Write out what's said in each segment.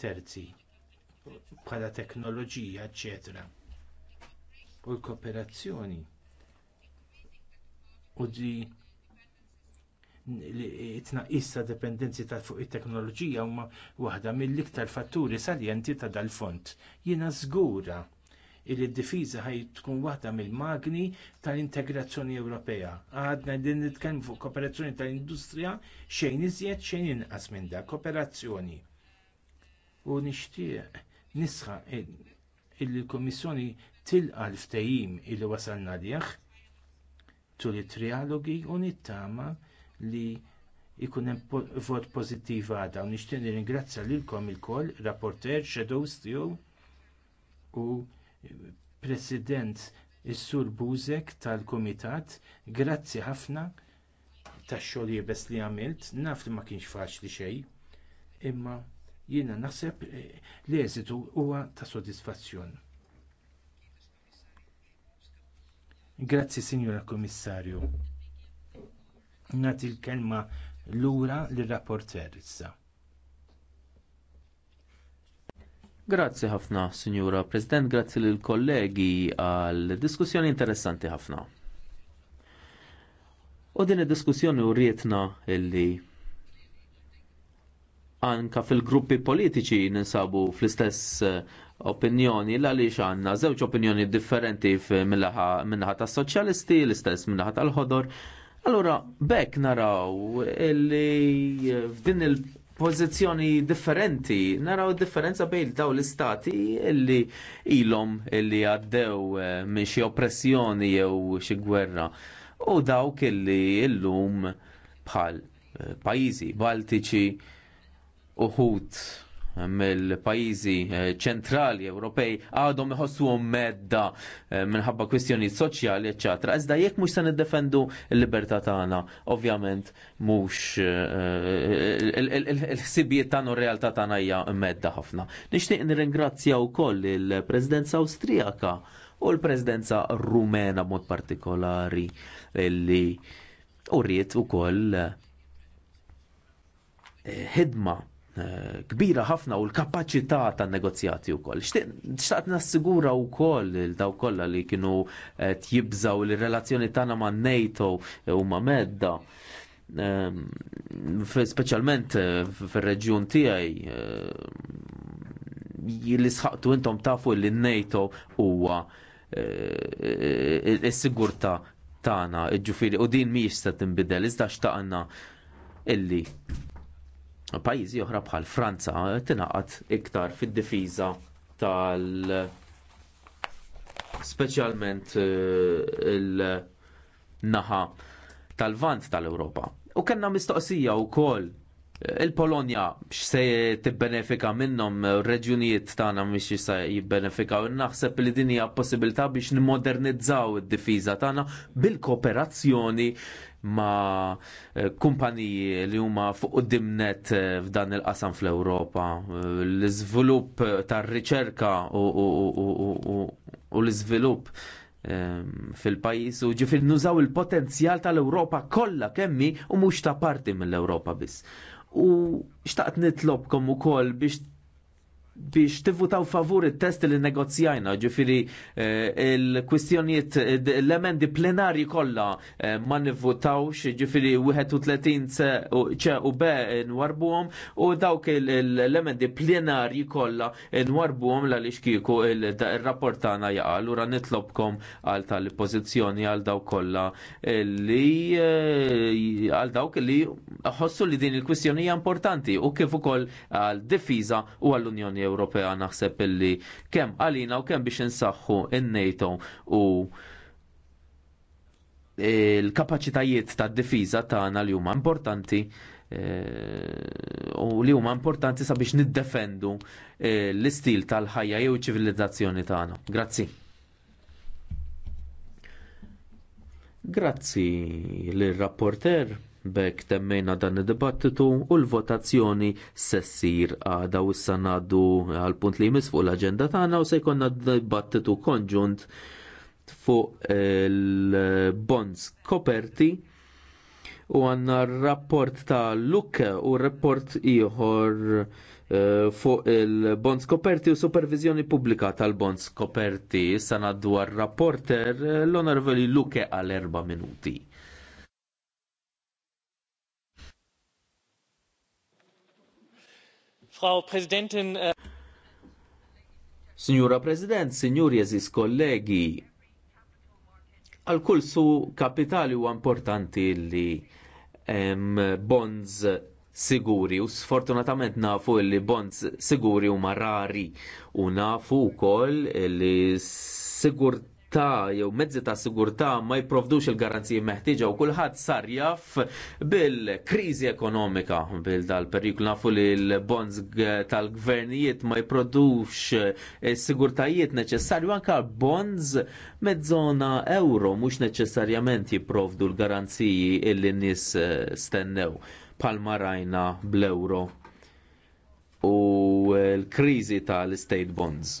terzi bħala teknoloġija, eċetera. U l-kooperazzjoni u di it-tnaqqis dipendenzi dependenzi ta' fuq it-teknoloġija huma waħda mill-iktar fatturi saljenti ta' dal-font. Jiena żgura li d-difiża ħaj tkun waħda mill-magni tal-integrazzjoni Ewropea. Għadna din nitkellmu fuq kooperazzjoni tal-industrija xejn iżjed xejn inqas minn da kooperazzjoni u nixtieq nisħa il komissjoni kummissjoni tilqa l-ftehim illi wasalna lieh tul it-trialogi u nittama li ikun hemm vot pożittiv għadha u nixtieq nirringrazzja lilkom ilkoll, rapporter, shadows tiegħu u President is-Sur Buzek tal-Kumitat, grazzi ħafna tax-xogħol jibes li għamilt, naf li ma kienx faċli xejn, imma Jiena naħseb eh, l-eżitu huwa ta' sodisfazzjon. Grazzi, Signora Kommissarju. Nagħti l-kelma lura lir-rapporter issa. Grazzi ħafna, Signora President, grazzi lill kollegi għal diskussjoni interessanti ħafna. U din id-diskussjoni u rietna illi anka fil-gruppi politiċi ninsabu fl-istess eh, opinjoni l għaliex għandna żewġ opinjoni differenti minnaħa tas soċjalisti, l-istess minnaħa tal-ħodor. Allura, bekk naraw li eh, f'din il pożizzjoni differenti, naraw differenza bejn daw l-istati illi ilhom illi għaddew eh, minn xi oppressjoni jew xi gwerra u dawk illi illum bħal pajjiżi baltiċi uħut mill-pajizi eh, ċentrali Ewropej għadhom iħossuhom medda eh, minħabba kwistjonijiet soċjali, eċċetera. Iżda jekk mhux se niddefendu l-libertà tagħna, ovvjament mhux eh, il-ħsibijiet tagħna u r-realtà tagħna hija medda ħafna. Nixtieq nirringrazzja wkoll il-Presidenza Awstrijaka u l-Presidenza Rumena mod partikolari li urriet ukoll ħidma Eh, kbira ħafna u l-kapacità tan negozjati wkoll. Xtaqt nassigura wkoll il daw kollha li kienu tjibżaw li relazzjoni tagħna ma' NATO u ma' Medda. Ehm, speċjalment eh, fir-reġjun tiegħi eh, li sħaqtu intom tafu li NATO huwa is-sigurtà tagħna, ġifieri u din mhijiex se tinbidel, iżda xtaqna illi pajjiżi oħra bħal Franza tingħaqad iktar fid-difiża tal speċjalment eh, il-naħa tal-vant tal-Ewropa. U kellna mistoqsija wkoll eh, il-Polonja x'se tibbenefika minnhom reġjunijiet tagħna mhix se jibbenefikaw. Naħseb li din hija possibilità biex nimmodernizzaw id-difiża tagħna bil-kooperazzjoni ma eh, kumpaniji li huma fuq dimnet eh, f'dan il-qasam fl-Ewropa. Eh, l-iżvilupp tar-riċerka u l-iżvilupp ehm, fil-pajis u ġifir nużaw il-potenzjal tal-Europa kollha kemmi u mhux ta' parti mill-Europa biss. U xtaqt nitlobkom ukoll biex biex tivvutaw favur il-test li negozjajna, ġifiri eh, il-kwistjoniet, eh, l-emendi plenari kolla eh, ma nivvutawx, ġifiri 31 ċe u be għom, u dawk l-emendi plenari kolla nwarbuhom la li xkiku il-rapportana jaqal, ura nitlobkom għal tal-pozizjoni għal daw kolla li għal dawk li ħossu li din il-kwistjoni importanti u kif ukoll għal difiża u għall-Unjoni l-Unjoni Ewropea naħseb illi kemm għalina u kemm biex insaħħu in-NATO u il-kapacitajiet ta' difiża tagħna li huma importanti eh, u li huma importanti sabiex niddefendu eh, l-istil tal-ħajja jew ċivilizzazzjoni tagħna. Grazzi. Grazzi l rapporter B'hekk temmejna dan id-dibattitu u l-votazzjoni se ssir għada u issa ngħaddu għall punt li jmiss fuq l-aġenda tagħna u se jkollna dibattitu konġunt fuq il-bonds koperti u għandna r rapport ta' Lucke u rapport ieħor eh, fuq il-bonds koperti u supervizjoni pubblika tal-bonds koperti. sanaddu għal rapporter l-onorveli Lucke għal erba' minuti. Frau Präsidentin. Äh, Signora President, signori eżis kollegi, għal kull su kapitali huwa importanti li em, bonds siguri u sfortunatament nafu li bonds siguri huma rari u nafu wkoll li sigurt ta' jew mezzi ta' sigurtà ma jipprovdux il-garanziji meħtieġa u kulħadd sar jaf bil-kriżi ekonomika bil dal-periklu nafu li l-bonds tal-gvernijiet ma jiprodux sigurtajiet neċessarju anka bonds mezzona euro mhux neċessarjament jipprovdu l-garanziji illi nies eh, stennew palmarajna bl-euro u eh, l-kriżi tal-state bonds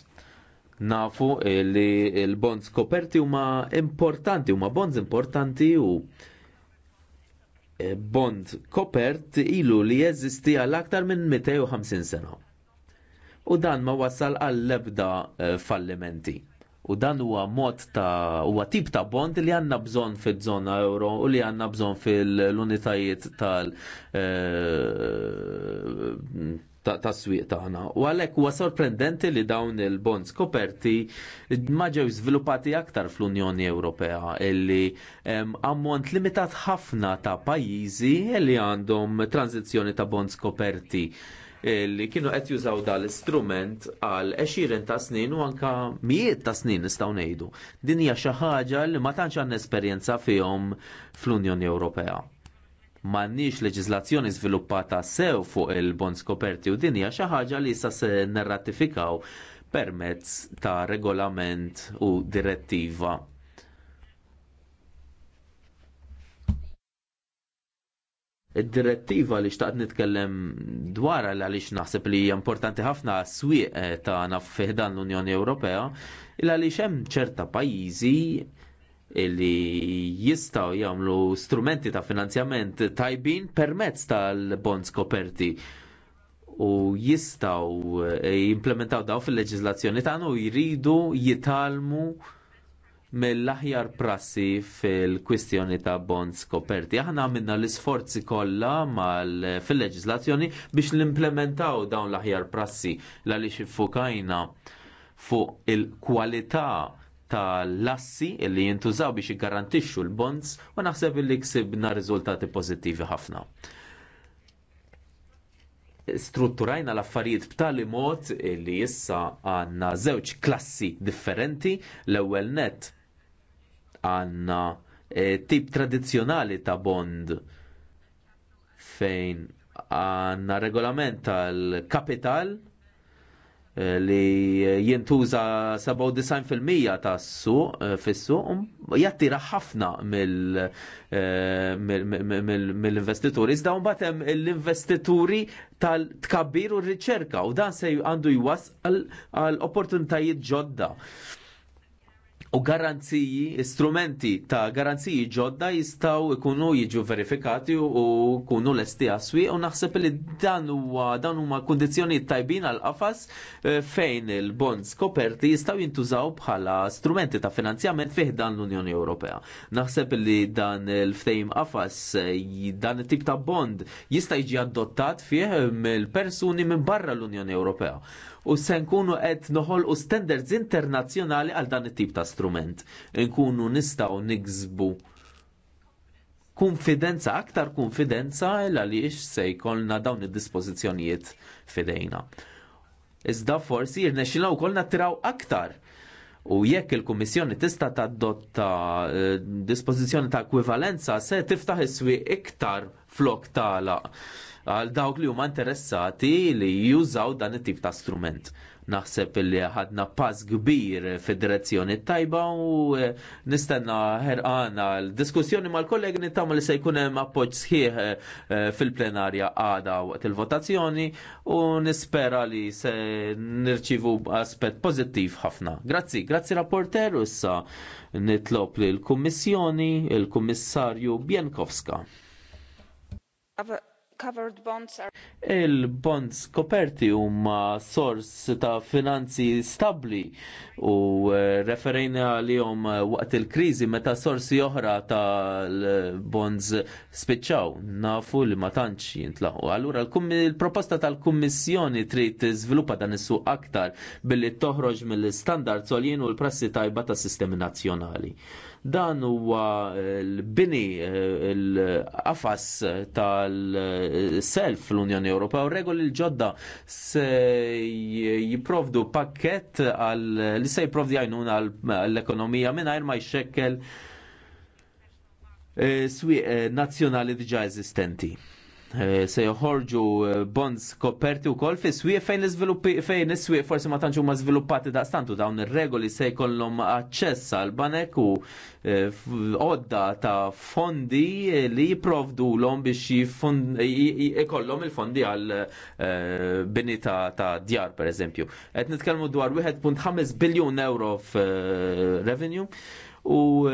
Nafu li l-bonds koperti huma importanti, huma bonds importanti u eh, bond kopert ilu li jeżisti għal aktar minn 250 sena. U dan ma wassal għal ebda eh, fallimenti. U dan huwa mod ta' huwa tip ta' bond li għandna bżonn fiż-żona euro u li għandna bżonn fil-unitajiet tal eh, tas-swieq tagħna. U għalhekk huwa sorprendenti li dawn il-bonds koperti ma ġew żviluppati aktar fl-Unjoni Ewropea illi ammont limitat ħafna ta' pajjiżi li għandhom tranzizzjoni ta' bonds koperti li kienu qed jużaw dal-istrument għal 20 ta' snin u anka mijiet ta' snin nistgħu ngħidu. Din hija xi ħaġa li ma tantx għandna esperjenza fihom fl-Unjoni Ewropea m'għandniex leġiżlazzjoni żviluppata sew fuq il-bonds koperti u dinja xi ħaġa li issa se nirratifikaw permezz ta' regolament u direttiva. Id-direttiva li xtaqt nitkellem dwar għal għaliex naħseb li hija importanti ħafna s-swieq tagħna fiħdan l-Unjoni Ewropea, il għaliex hemm ċerta pajjiżi Illi jistaw jagħmlu strumenti ta' finanzjament tajbin permezz tal-bonds koperti u jistaw eh, jimplementaw daw fil-leġizlazzjoni tagħna u jridu jitalmu mill-aħjar prassi fil-kwistjoni ta' bonds koperti. Aħna għamilna l-isforzi kollha mal fil-leġizlazzjoni biex l-implementaw dawn l-aħjar prassi l għalix fukajna fuq il-kwalità tal-lassi illi jintużaw biex jiggarantixxu l-bonds u naħseb illi ksibna riżultati pożittivi ħafna strutturajna l-affarijiet b'tali mod li issa għandna żewġ klassi differenti. L-ewwel net għandna e, tip tradizzjonali ta' bond fejn għandna regolament tal-kapital Eh, li jintuża 97% ta' s-suq fissu jattira ħafna eh, mill-investituri. Iżda mbagħad hemm l-investituri tal-tkabbir u r-riċerka u dan se għandu jwas għal opportunitajiet ġodda u garanziji, strumenti ta' garanziji ġodda jistaw ikunu jiġu verifikati u kunu lesti aswi u naħseb li dan huwa dan huma kundizzjoni tajbin għal qafas eh, fejn il-bonds koperti jistaw jintużaw bħala strumenti ta' finanzjament fih dan l-Unjoni Ewropea. Naħseb li dan il-ftejm qafas eh, dan it-tip ta' bond jista' jiġi adottat fih mill-persuni minn barra l-Unjoni Ewropea u se nkunu qed noħolqu standards internazzjonali għal dan it-tip ta' strument. Nkunu nistgħu nigżbu konfidenza, aktar konfidenza għaliex se jkollna dawn id-dispożizzjonijiet fidejna. Iżda forsi jirnexxilna wkoll nattiraw aktar U jekk il-Kummissjoni tista' tadotta eh, dispożizzjoni ta' ekwivalenza se tiftaħ iswi iktar flok tagħlaq għal dawk li huma interessati li jużaw dan it-tip ta' strument. Naħseb li ħadna pass kbir fid-direzzjoni tajba u eh, nistenna ħerqana l-diskussjoni mal-kollegi nittama li se jkun hemm appoġġ sħiħ eh, fil-plenarja għada waqt il-votazzjoni u nispera li se nirċivu aspett pożittiv ħafna. Grazzi, grazzi rapporter u issa nitlob li l-Kummissjoni, il-Kummissarju Bienkowska covered bonds are il-bonds koperti huma sors ta' finanzi stabbli u eh, referejna li eh, waqt il-krizi meta sorsi oħra ta' bonds spiċċaw nafu li ma tantx jintlaqu. Allura il-proposta tal-Kummissjoni trid tiżviluppa dan is-suq aktar billi toħroġ mill-standards għoljien u l-prassi tajba ta' sistemi nazzjonali. Dan huwa eh, l-bini eh, l-qafas tal-self l-Unjoni Ewropea u regoli l-ġodda se jiprovdu pakket għal li se jiprovdi għajnuna għall-ekonomija mingħajr ma jxekkel eh, swieq nazzjonali diġà eżistenti. Eh, se joħorġu eh, bonds koperti u koll fejn swieq fejn fejn is-swieq forsi ma tantx huma żviluppati daqstantu dawn ir-regoli se jkollhom aċċess għal banek u eh, għodda ta' fondi li jiprovdu l-om biex ikollhom il-fondi għal bini ta' djar per eżempju. Qed nitkellmu dwar 1.5 biljun euro f'revenue u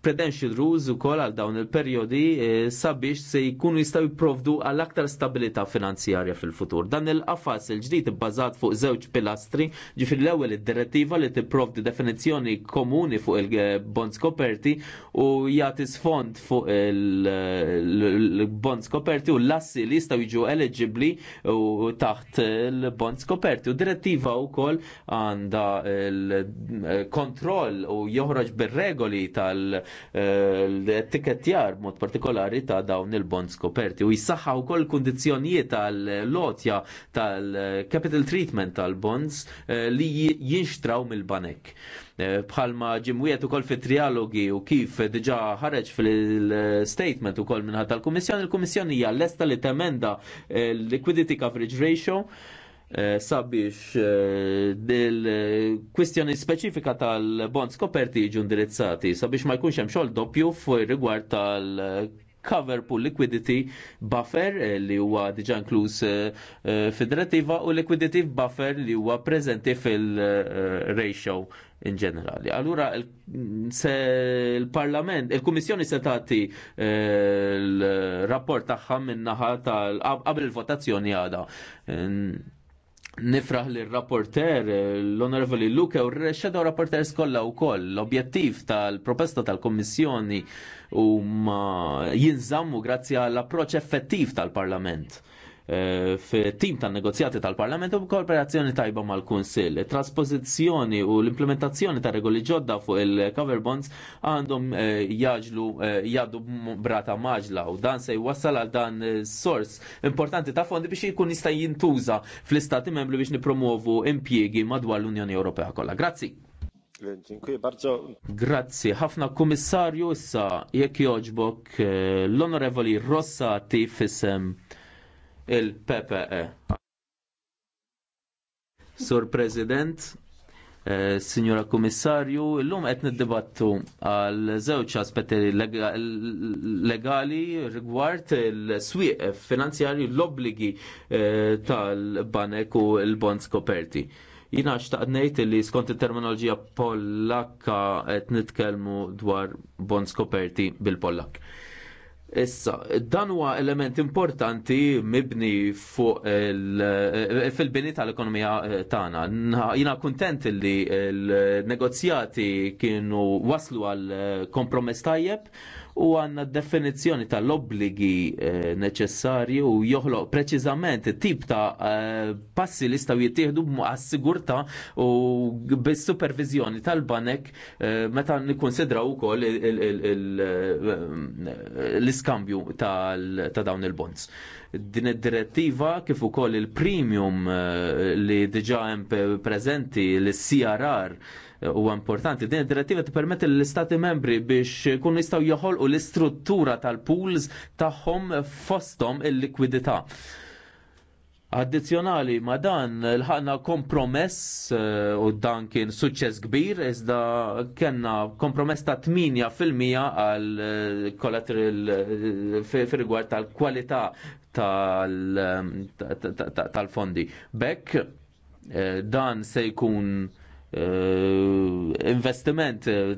prudential eh, rules u kol għal dawn il-periodi eh, sabiex se jkunu jistaw jiprovdu għal aktar stabilita finanzjarja fil-futur. Dan il-qafas il-ġdid bazat fuq żewġ pilastri, ġifir l-ewwel id-direttiva li tipprovdi definizzjoni komuni fuq il-bonds eh, koperti u jagħti sfond fuq il-bonds koperti u l-assi li jistaw jiġu eligibli u taħt il-bonds koperti. U direttiva wkoll għandha il-kontroll u joħroġ bir regoli tal-etikettjar mod partikolari ta' dawn il-bonds koperti u jissaħħaw kol kondizjonijiet tal-lotja tal-capital treatment tal-bonds eh, li jinxtraw mil banek eh, bħalma ġimwiet u kol fit trialogi u kif diġa ħareġ fil-statement u kol minnħat tal-Komissjoni, il-Komissjoni hija l-esta li temenda eh, liquidity Coverage Ratio Eh, sabiex dil-kwistjoni eh, eh, speċifika tal-bonds koperti jiġu indirizzati sabiex ma jkunx hemm xogħol doppju fuq rigward tal cover pool liquidity buffer li huwa diġa inkluż federattiva u liquidity buffer li huwa preżenti fil-ratio in ġenerali. Allura se il-Parlament, il-Kummissjoni se tagħti l-rapport tagħha min-naħa tal qabel il-votazzjoni għada. Nifraħ li rapporter l-Onorevoli Luke u r-xedaw rapporter skolla u koll. L-objettiv tal-proposta tal-Kommissjoni u ma jinżammu grazzi għall-approċ effettiv tal-Parlament. Eh, fit-tim tan negozjati tal-Parlament u kooperazzjoni tajba mal-Kunsill. T-traspożizzjoni u l-implementazzjoni ta' regoli ġodda fuq il-cover bonds għandhom eh, jaġlu eh, jaddu brata maġla u dan se jwassal għal dan sors importanti ta' fondi biex jkun jista' jintuża fl-istati membri biex nipromuovu impjiegi madwar l-Unjoni Ewropea kollha. Grazzi. Grazzi, ħafna kummissarju issa jekk joġbok l-Onorevoli Rossati fisem il-PPE. Sur President, eh, Signora Komissarju, għetni qed niddibattu għal żewġ aspetti legali rigward il-swieq finanzjarju l-obbligi eh, tal-banek u l-bonds koperti. Jina xtaqt ngħid li skont it-terminoloġija pollakka qed nitkellmu dwar bonds koperti bil-Pollak. Issa, dan huwa element importanti mibni fuq fil-bini tal-ekonomija eh, tagħna. Jina kuntent li l-negozjati kienu waslu għal eh, kompromess tajjeb u għanna definizzjoni tal-obbligi eh, neċessarji u joħloq preċiżament tip ta' eh, passi li staw jittieħdu għas-sigurta u bis-supervizjoni tal-banek eh, meta nikkonsidraw ukoll l-iskambju ta' dawn il-bonds. Din id-direttiva kif ukoll il-premium li diġa hemm preżenti l-CRR huwa importanti. Din id-direttiva tippermetti l-istati membri biex kunu jistgħu joħolqu l-istruttura tal-pools tagħhom fosthom il-likwidità. Addizzjonali ma dan l-ħana kompromess eh, u dan kien suċċess kbir, iżda kena kompromess ta' 8% għal kollateral eh, eh, fil-rigward tal-kwalità tal-fondi. Bekk dan se jkun Eh, investiment eh,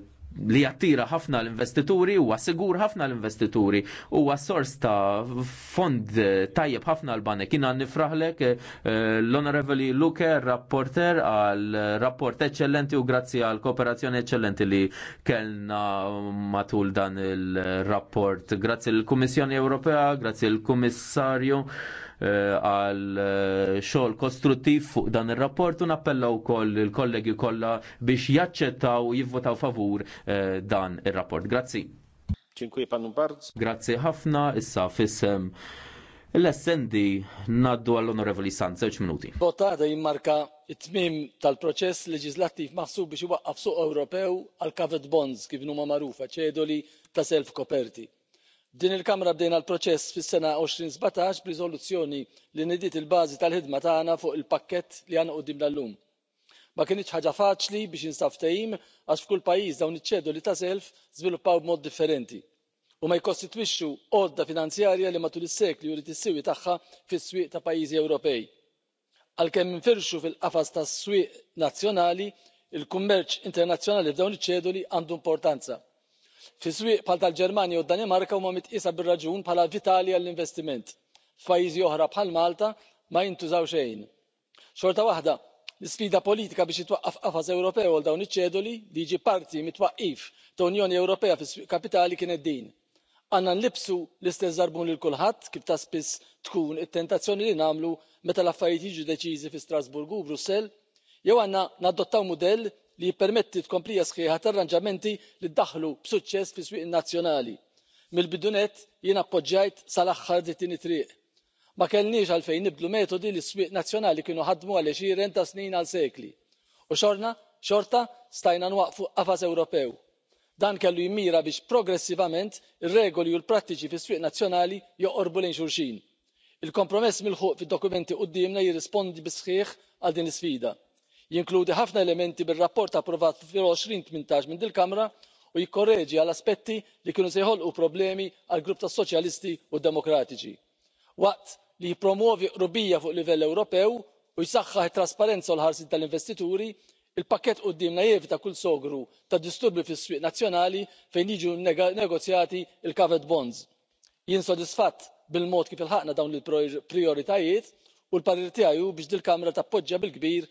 li jattira ħafna l-investituri u għasigur ħafna l-investituri u għas ta' fond eh, tajjeb ħafna l-banek. Kina nifraħlek l honorable Luke, rapporter għal rapport eccellenti u grazzi għal kooperazzjoni eccellenti li kellna matul dan il-rapport. Grazzi l-Kummissjoni Ewropea, grazzi l-Kummissarju. Eh, għal eh, xogħol kostruttiv fuq dan ir-rapport u nappellaw wkoll il-kollegi kollha biex jaċċettaw jivvotaw favur eh, dan ir-rapport. Grazzi. Dziękuję panu bardzo. Grazzi ħafna issa fissem l-essendi naddu għall-Onorevoli Sant, żewġ minuti. Votata jimmarka it-tmim tal-proċess leġislattiv maħsub biex waqqaf suq Ewropew għal covered bonds kif huma magħrufa ċedoli ta' self koperti Din il kamra bdejna l-proċess fis-sena two thousand and b'riżoluzzjoni li nidiet il bażi tal ħidma tagħna fuq il pakkett li għandna quddiem llum. ma kinitx ħaġa faċli biex jinstab ftehim għax f'kull pajjiż dawn iċ-ċeduli ta' self żviluppaw b'mod differenti u ma jkostitwixxu għodda finanzjarja li matul is-sekli uriet is tagħha fis-swieq ta' pajjiżi ewropej. għalkemm infirxu fil qafas tas-swieq nazzjonali il kummerċ internazzjonali f'dawn iċ ċeduli għandu importanza fi żwieq bħal tal-ġermanja u d-danimarka huma mitqiesa bir raġun bħala vitali għall investiment f'pajjiżi oħra bħal malta ma jintużaw xejn. xorta waħda l-isfida politika biex itwaqqaf qafas ewropew għal dawn iċ-ċeduli li jiġi parti mitwaqqif ta' unjoni ewropea fis-swieq kapitali kienet din għandna nlibsu l-istess żarbun lil kulħadd kif ta' spiss tkun it tentazzjoni li nagħmlu meta l affarijiet jiġu deċiżi fi strasburgu u brussell jew għandna nadottaw mudell li jippermetti tkomplija sħiħa tarranġamenti li ddaħħlu b'suċċess fis-swieq nazzjonali. mill bidu nett jien appoġġjajt sal aħħar din it triq ma kellniex għalfejn nibdlu metodi li s-swieq nazzjonali kienu ħadmu għal għexieren ta' snin għal sekli u xorta stajna nwaqfu qafas ewropew dan kellu jmira biex progressivament ir-regoli u l-prattiċi fis-swieq nazzjonali joqorbu lejn xulxin. il kompromess milħuq fid-dokumenti quddiemna jirrispondi bi sħiħ għal din is-sfida jinkludi ħafna elementi bir rapport approvat fil għoxrin tmintax minn din il-kamra u jikkorreġi għal aspetti li kienu se jħolqu problemi għall grupp tas-soċjalisti u demokratiċi waqt li jippromovi qrubija fuq livell ewropew u jsaħħaħ it-trasparenza u l-ħarsien tal-investituri il pakkett quddiemna jevita kull sogru ta' disturbju fis-swieq nazzjonali fejn jiġu nnegozjati l covered bonds. jien sodisfatt bil mod kif ilħaqna dawn il prijoritajiet u l parir tiegħi hu biex din il kamra tappoġġja bil kbir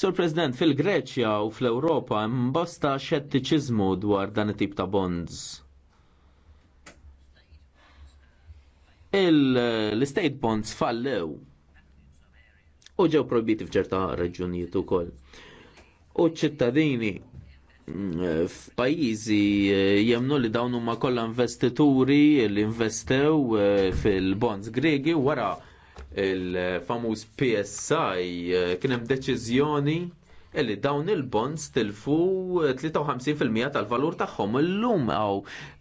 Sur President, fil-Greċja u fl-Ewropa mbosta xettiċiżmu dwar dan it-tip ta' bonds. l-state bonds fallew u ġew probiti f'ċerta reġunijiet ukoll. U ċittadini mm, f'pajjiżi eh, jemnu li dawn huma kollha investituri li investew eh, fil-bonds Gregi wara il-famuż PSI eh, kien hemm deċiżjoni illi dawn il-bonds tilfu 53% tal-valur tagħhom illum għaw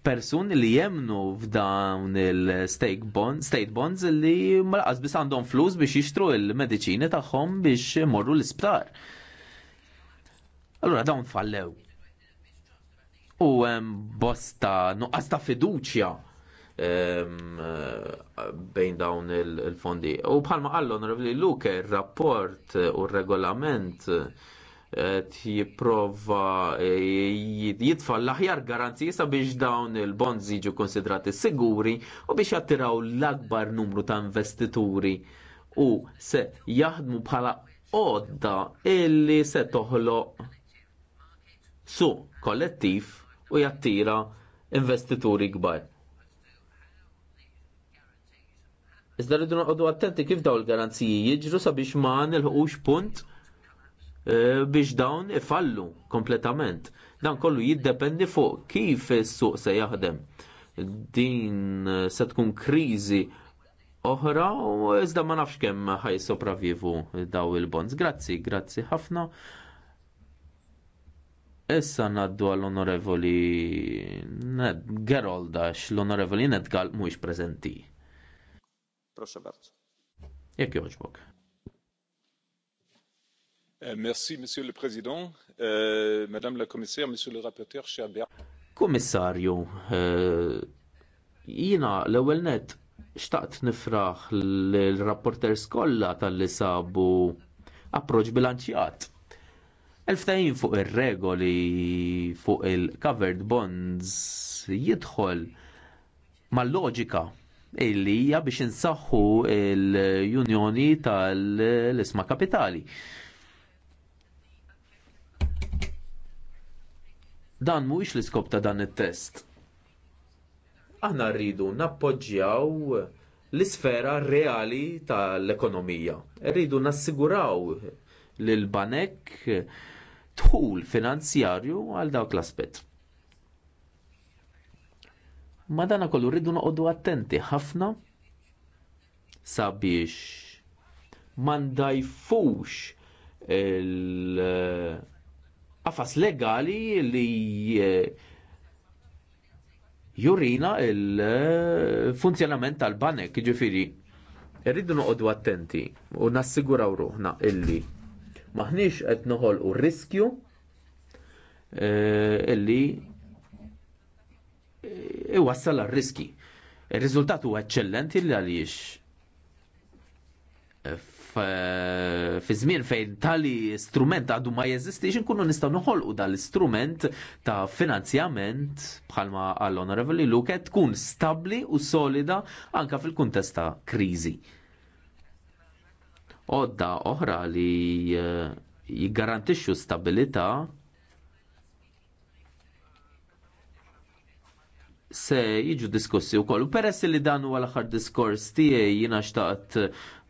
persuni li jemnu f'dawn il-state bonds, state bonds li malqas biss għandhom flus biex jixtru il-mediċini tagħhom biex morru l-isptar. Allura dawn fallew. U hemm bosta nuqqas ta' fiduċja bejn dawn il-fondi. U bħalma għallu l Luke, rapport u regolament eh, jipprova eh, jitfa l-aħjar garanzija sabiex dawn il-bonds jiġu konsidrati siguri u biex jattiraw l-akbar numru ta' investituri u se jaħdmu bħala odda illi se toħloq su kollettiv u jattira investituri kbar. Iżda rridu noqogħdu attenti kif dawn il-garanziji jiġru sabiex ma nilħuqux punt e, biex dawn ifallu kompletament. Dan kollu jiddependi fuq kif is-suq se jaħdem. Din se tkun kriżi oħra u iżda ma nafx kemm ħaj sopravvivu daw il-bonds. Grazzi, grazzi ħafna. Issa naddu għall-onorevoli Gerolda, l-onorevoli Nedgal mhuwiex preżenti. Proszę bardzo. Jak joġbok? Eh, merci, Monsieur le Président, euh, Madame la Commissaire, Monsieur le Rapporteur, cher Bert. Kommissarju, euh, jina l-ewel net xtaqt nifraħ l rapporter skolla tal-li sabu approċ bilanċjat. Elftajn fuq ir-regoli fuq il-covered bonds jidħol mal-loġika illi hija biex insaħħu l-Unjoni tal-Isma Kapitali. Dan mhuwiex l-iskop ta' dan it-test. Aħna rridu nappoġġjaw l-isfera reali tal-ekonomija. Rridu nassiguraw lil banek tħul finanzjarju għal dawk l-aspett. Madana kollu rridu noqogħdu attenti ħafna sabiex ma ndajfux il-qafas legali li eh, jurina il-funzjonament tal-banek, ġifiri. Rridu noqogħdu attenti u nassiguraw ruħna illi maħniex qed noħolqu riskju eh, illi iwassal għal riski. Il-riżultat huwa eċċellenti li għaliex eh, fi żmien fejn tali strument għadu ma jeżistix inkunu nistgħu noħolqu dal-istrument ta' finanzjament bħalma għall onorevoli Luke tkun stabbli u solida anka fil-kuntest ta' kriżi. Odda oħra li eh, jiggarantixxu stabilità se jiġu diskussi u koll. Peress li dan huwa l-aħħar diskors tiegħi jina xtaqt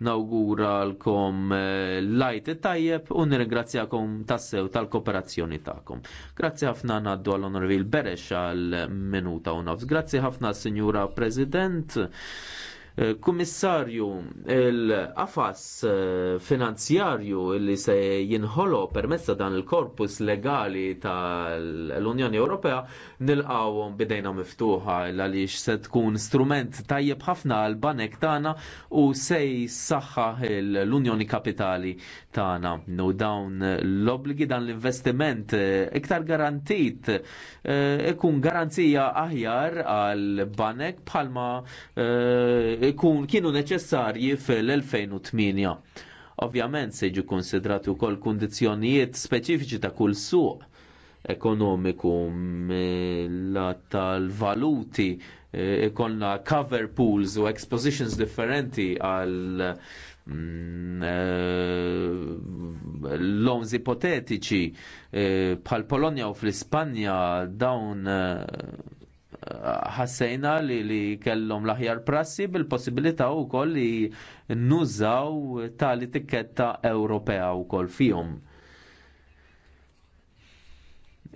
nawgura l-kom eh, lajt tajjeb u nirringrazzjakom tassew tal-kooperazzjoni tagħkom. Grazzi ħafna ngħaddu għall onorvil Berex għal minuta u nofs. Grazzi ħafna Signora President. Kummissarju, l qafas eh, finanzjarju li se jinħolo permezz ta' dan il-korpus legali tal-Unjoni Ewropea nilqaw bidejna miftuħa għaliex se tkun strument tajjeb ħafna għal banek tagħna u se jsaħħa l-Unjoni Kapitali tagħna. No dawn l-obligi dan l-investiment eh, iktar garantit eh, ikun garanzija aħjar għal banek bħalma jkun kienu neċessarji fil-2008. Ovvjament se jiġu konsidrati wkoll kundizzjonijiet speċifiċi ta' kull suq ekonomiku tal-valuti e, ikonna cover pools u expositions differenti għal mm, e, loans ipotetiċi e, bħal Polonja u fl-Ispanja dawn ħassejna li, li kellhom l-aħjar prassi bil-possibilità wkoll li nużaw tal-etiketta Ewropea wkoll fihom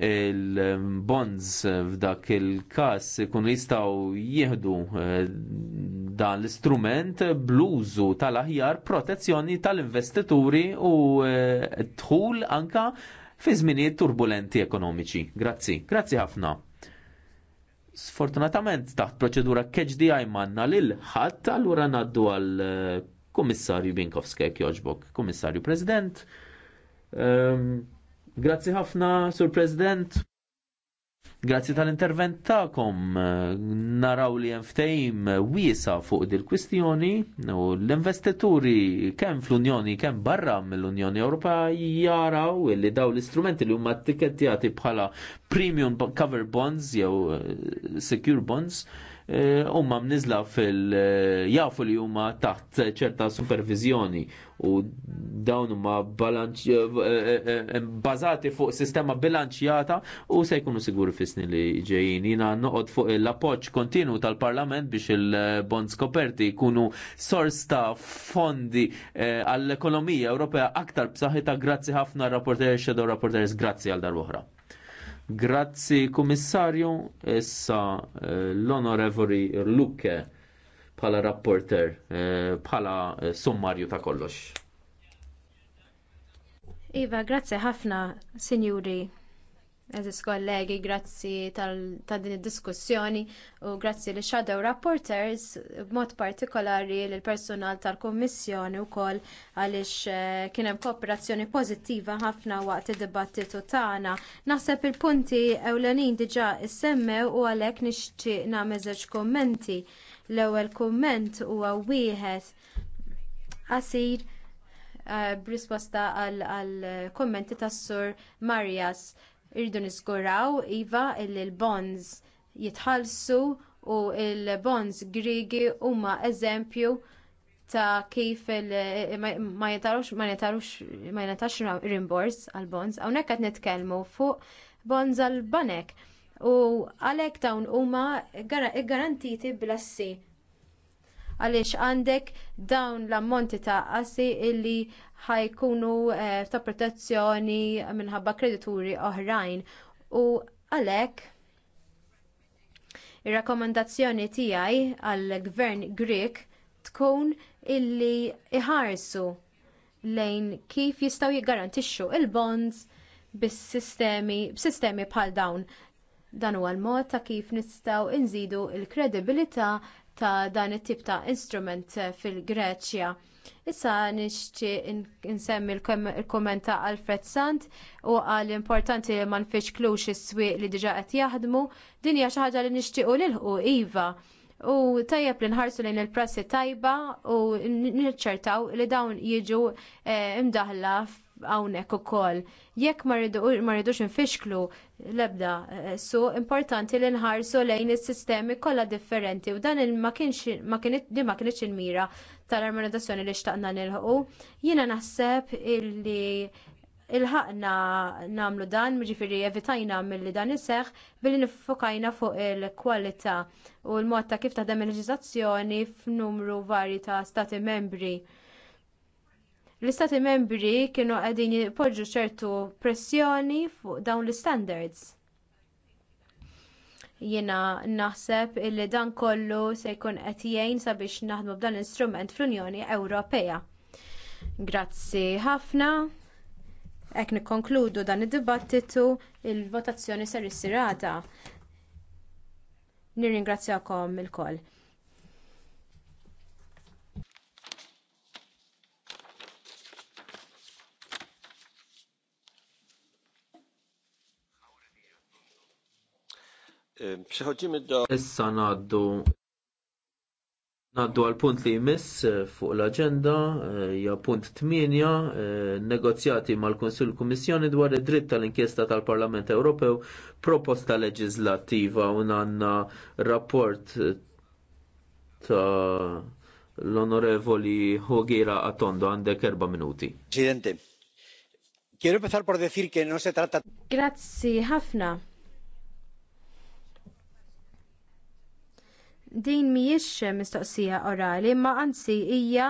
il-bonds f'dak il-kas kun jistaw jieħdu eh, dan l-istrument bluzu tal-aħjar protezzjoni tal-investituri u eh, dħul anka fi żminijiet turbulenti ekonomiċi. Grazzi, grazzi ħafna. Sfortunatament taħt proċedura KHDI manna lil ħadd allura naddu għal eh, Kummissarju Binkowskek joġbok, komissarju President. Um, Grazzi ħafna, Sur President. Grazzi tal-intervent ta'kom naraw li ftehim wiesa fuq dil-kwistjoni u l-investituri kemm fl-Unjoni kemm barra mill-Unjoni Ewropea jaraw li daw l-istrumenti li huma tikettjati bħala premium cover bonds jew eh, secure bonds Eh, umma mnizla fil-jafu eh, li huma taħt ċerta supervizjoni u dawn huma eh, bazati fuq sistema bilanċjata u se jkunu siguri fisni li ġejjin. Jina noqod fuq l appoġġ kontinu tal-Parlament biex il-bonds koperti jkunu sors ta' fondi għall-ekonomija Ewropea aktar b'saħħitha grazzi ħafna rapporters, shadow rapporters, grazzi għal dar oħra. Grazzi kummissarju, issa eh, l-onorevoli Luke pala rapporter, eh, pala eh, sommarju ta' kollox. Iva, grazzi ħafna, signori. Eżis kollegi, grazzi ta' din id-diskussjoni u grazzi li shadow rapporters b'mod partikolari l personal tal-Kommissjoni u koll għalix eh, kienem kooperazzjoni pozittiva ħafna waqt id-dibattitu tagħna. Naħseb il-punti ewlenin diġa issemmew u għalhekk nixtieq nagħmel żewġ kummenti. L-ewwel kumment huwa wieħed għasir eh, b'risposta għall kummenti tas-sur Marjas Irridu niżguraw iva li l-bonds jitħallsu u l-bonds Griegi huma eżempju ta' kif ma jingħatax rimbors għall bonds hawnhekk qed nitkellmu fuq bonds għall banek u għalhekk dawn huma garantiti bl-assi għaliex għandek dawn l-ammonti ta' qassi illi ħajkunu eh, ta' protezzjoni minħabba kredituri oħrajn u għalhekk ir-rakkomandazzjoni tiegħi għall-gvern Grek tkun illi iħarsu lejn kif jistgħu jiggarantixxu l bonds bis-sistemi bħal dawn. Dan huwa l-mod ta' kif nistgħu nżidu l kredibilità ta' dan it-tip ta' instrument eh, fil-Greċja. Issa nixtieq insemmi l-kumment ta' Alfred Sant u għal importanti li ma nfixklux is-swieq li diġà qed jaħdmu, din hija xi ħaġa li nixtiequ nilħu iva. U tajjeb li nħarsu lejn il-prassi tajba u nirċertaw li dawn jiġu eh, imdaħla hawnhekk ukoll. Jekk ma rridux infixklu l-ebda eh, su importanti li nħarsu lejn is-sistemi kollha differenti u dan ma ma kienx il-mira tal-armonizzazzjoni li xtaqna nilħu. Jiena naħseb illi il-ħakna namlu dan, mġifiri evitajna mill-li dan is-seħħ billi nifokajna fuq il-kwalità u l-mod ta' kif taħdem il-leġizazzjoni f'numru varji ta' stati membri l-istati membri kienu qegħdin jipoġġu ċertu pressjoni fuq dawn l-istandards jiena naħseb li dan kollu se jkun qed jgħin sabiex naħdmu b'dan l-istrument fl-Unjoni Ewropea. Grazzi ħafna. Hekk nikkonkludu dan id-dibattitu il-votazzjoni ser issir għada. Nirringrazzjakom ilkoll. Ehm, Issa naddu Naddu għal punt li jmiss eh, fuq l-agenda, eh, ja punt 8, eh, negozjati mal konsul Kummissjoni dwar id-dritt tal-inkjesta tal-Parlament Ewropew proposta leġislattiva un għanna rapport ta' l-onorevoli Hogira Atondo għandek erba minuti. Presidente, quiero por se Grazzi ħafna. din mhijiex mistoqsija orali, ma anzi hija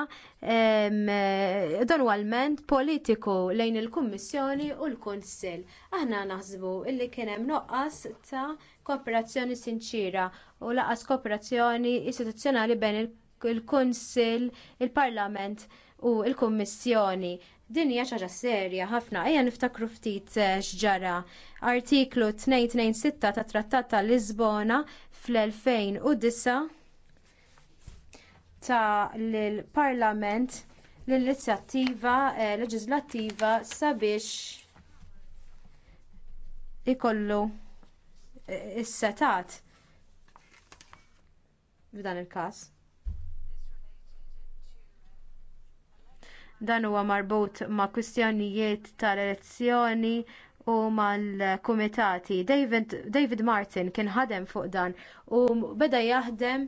donwalment politiku lejn il-Kummissjoni u l-Kunsill. Aħna naħsbu illi kien hemm noqqas ta' kooperazzjoni sinċira u laqas kooperazzjoni istituzzjonali bejn il-Kunsill, il-Parlament u l kummissjoni Din hija xaġa serja ħafna ejja niftakru ftit eh, x'ġara. Artiklu 296 tat Trattat ta' Lisbona fl-2009 ta' lill-Parlament l-inizjattiva eh, leġislattiva sabiex ikollu eh, s setat f'dan il-każ. Dan huwa marbut ma' kwistjonijiet tal-elezzjoni u mal-kumitati. David, David Martin kien ħadem fuq dan u beda jaħdem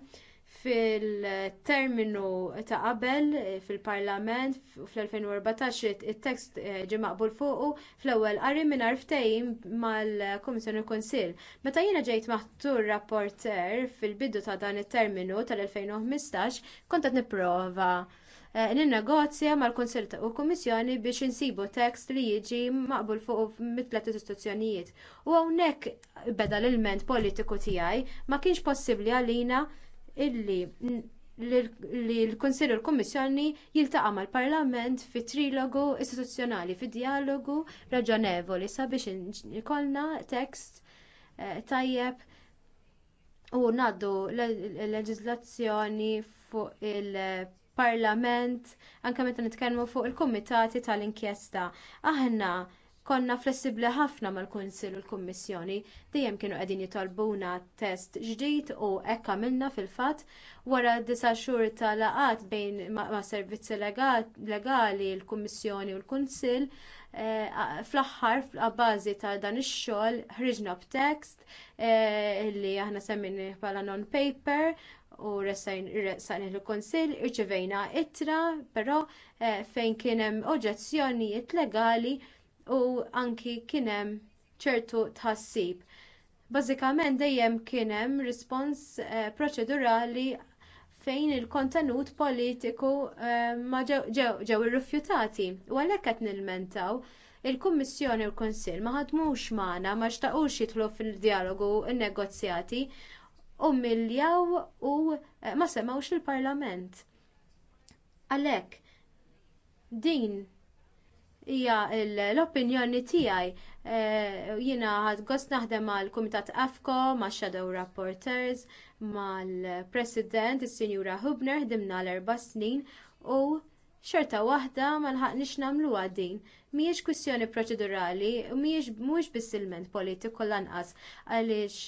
fil-terminu ta' qabel fil-parlament fl-2014 it-tekst eh, ġie maqbul fuqu fl-ewwel qari mingħajr ftehim mal-Kummissjoni Kunsill. Meta jiena ġejt maħtur rapporter fil-bidu ta' dan it-terminu tal-2015 kont qed nipprova Eh, ninnegozja mal-Kunsill u l-Kummissjoni biex insibu tekst li jiġi maqbul fuq mitlet istituzzjonijiet. U hawnhekk beda l-ilment politiku tiegħi ma kienx possibbli għalina illi li l-Konsil u l-Kommissjoni jiltaqa' mal-Parlament fi trilogu istituzzjonali, fi dialogu raġonevoli sabiex ikollna tekst eh, tajjeb u ngħaddu leġiżlazzjoni fuq il- parlament, anke meta nitkellmu fuq il-kumitati tal-inkjesta. Aħna konna flessibbli ħafna mal-Kunsill u l-Kummissjoni, dejjem kienu qegħdin jitolbuna test ġdid u hekk għamilna fil-fatt wara disa' xhur ta' laqat bejn ma' servizzi legali l-Kummissjoni u l-Kunsill eh, fl-aħħar fl-bażi ta' dan ix-xogħol ħriġna b'tekst eh, li aħna semmini bħala non paper u ressaqin il-Konsil irċivejna ittra, però eh, fejn kien hemm oġġezzjonijiet legali u anki kien hemm ċertu tħassib. Bażikament dejjem kien hemm rispons eh, proċedurali fejn il-kontenut politiku eh, ma ġew irrifjutati u għalhekk qed nilmentaw il-Kummissjoni u l-Kunsill ma ħadmux magħna ma xtaqux jidħlu fil-dialogu n-negozjati umiljaw u eh, ma semawx il-parlament. Għalhekk din hija l-opinjoni tiegħi eh, jiena gost naħdem mal-Kumitat AFCO, ma' Shadow Rapporters, mal-President, is-Sinjura Hubner, ħdimna l-erba' snin u xorta waħda ma nħaqnix nagħmluha din. Mhijiex kwistjoni proċedurali, mhijiex mhux biss ilment politiku lanqas għaliex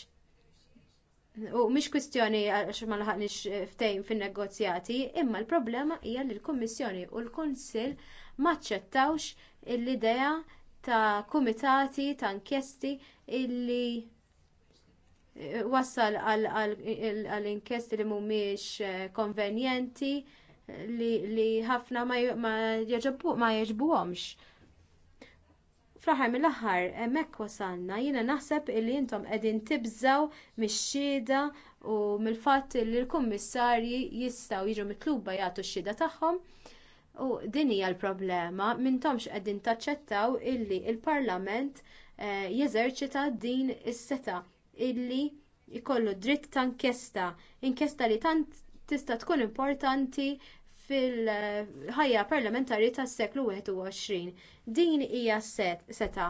U mhix kwistjoni għax ma laħaqniex eh, ftejn fin-negozjati, imma l-problema hija li l-Kummissjoni u l-Kunsill aċċettawx l-idea ta' kumitati ta' inkjesti illi eh, wassal għal inkjesti li mhumiex eh, konvenjenti li ħafna ma jaġbuhomx Fl-aħħar mill-aħħar hemmhekk wasalna jiena naħseb illi intom qegħdin tibżgħu mix-xhieda u mill-fatt li l-kummissarji jistgħu jiġu mitluba jagħtu x-xhieda tagħhom. U din hija l-problema m'intomx qegħdin taċċettaw illi l parlament eh, jeżerċita din is-seta illi jkollu dritt ta' inkjesta, inkjesta li tant tista' tkun importanti fil-ħajja parlamentari tas seklu 21. Din hija set seta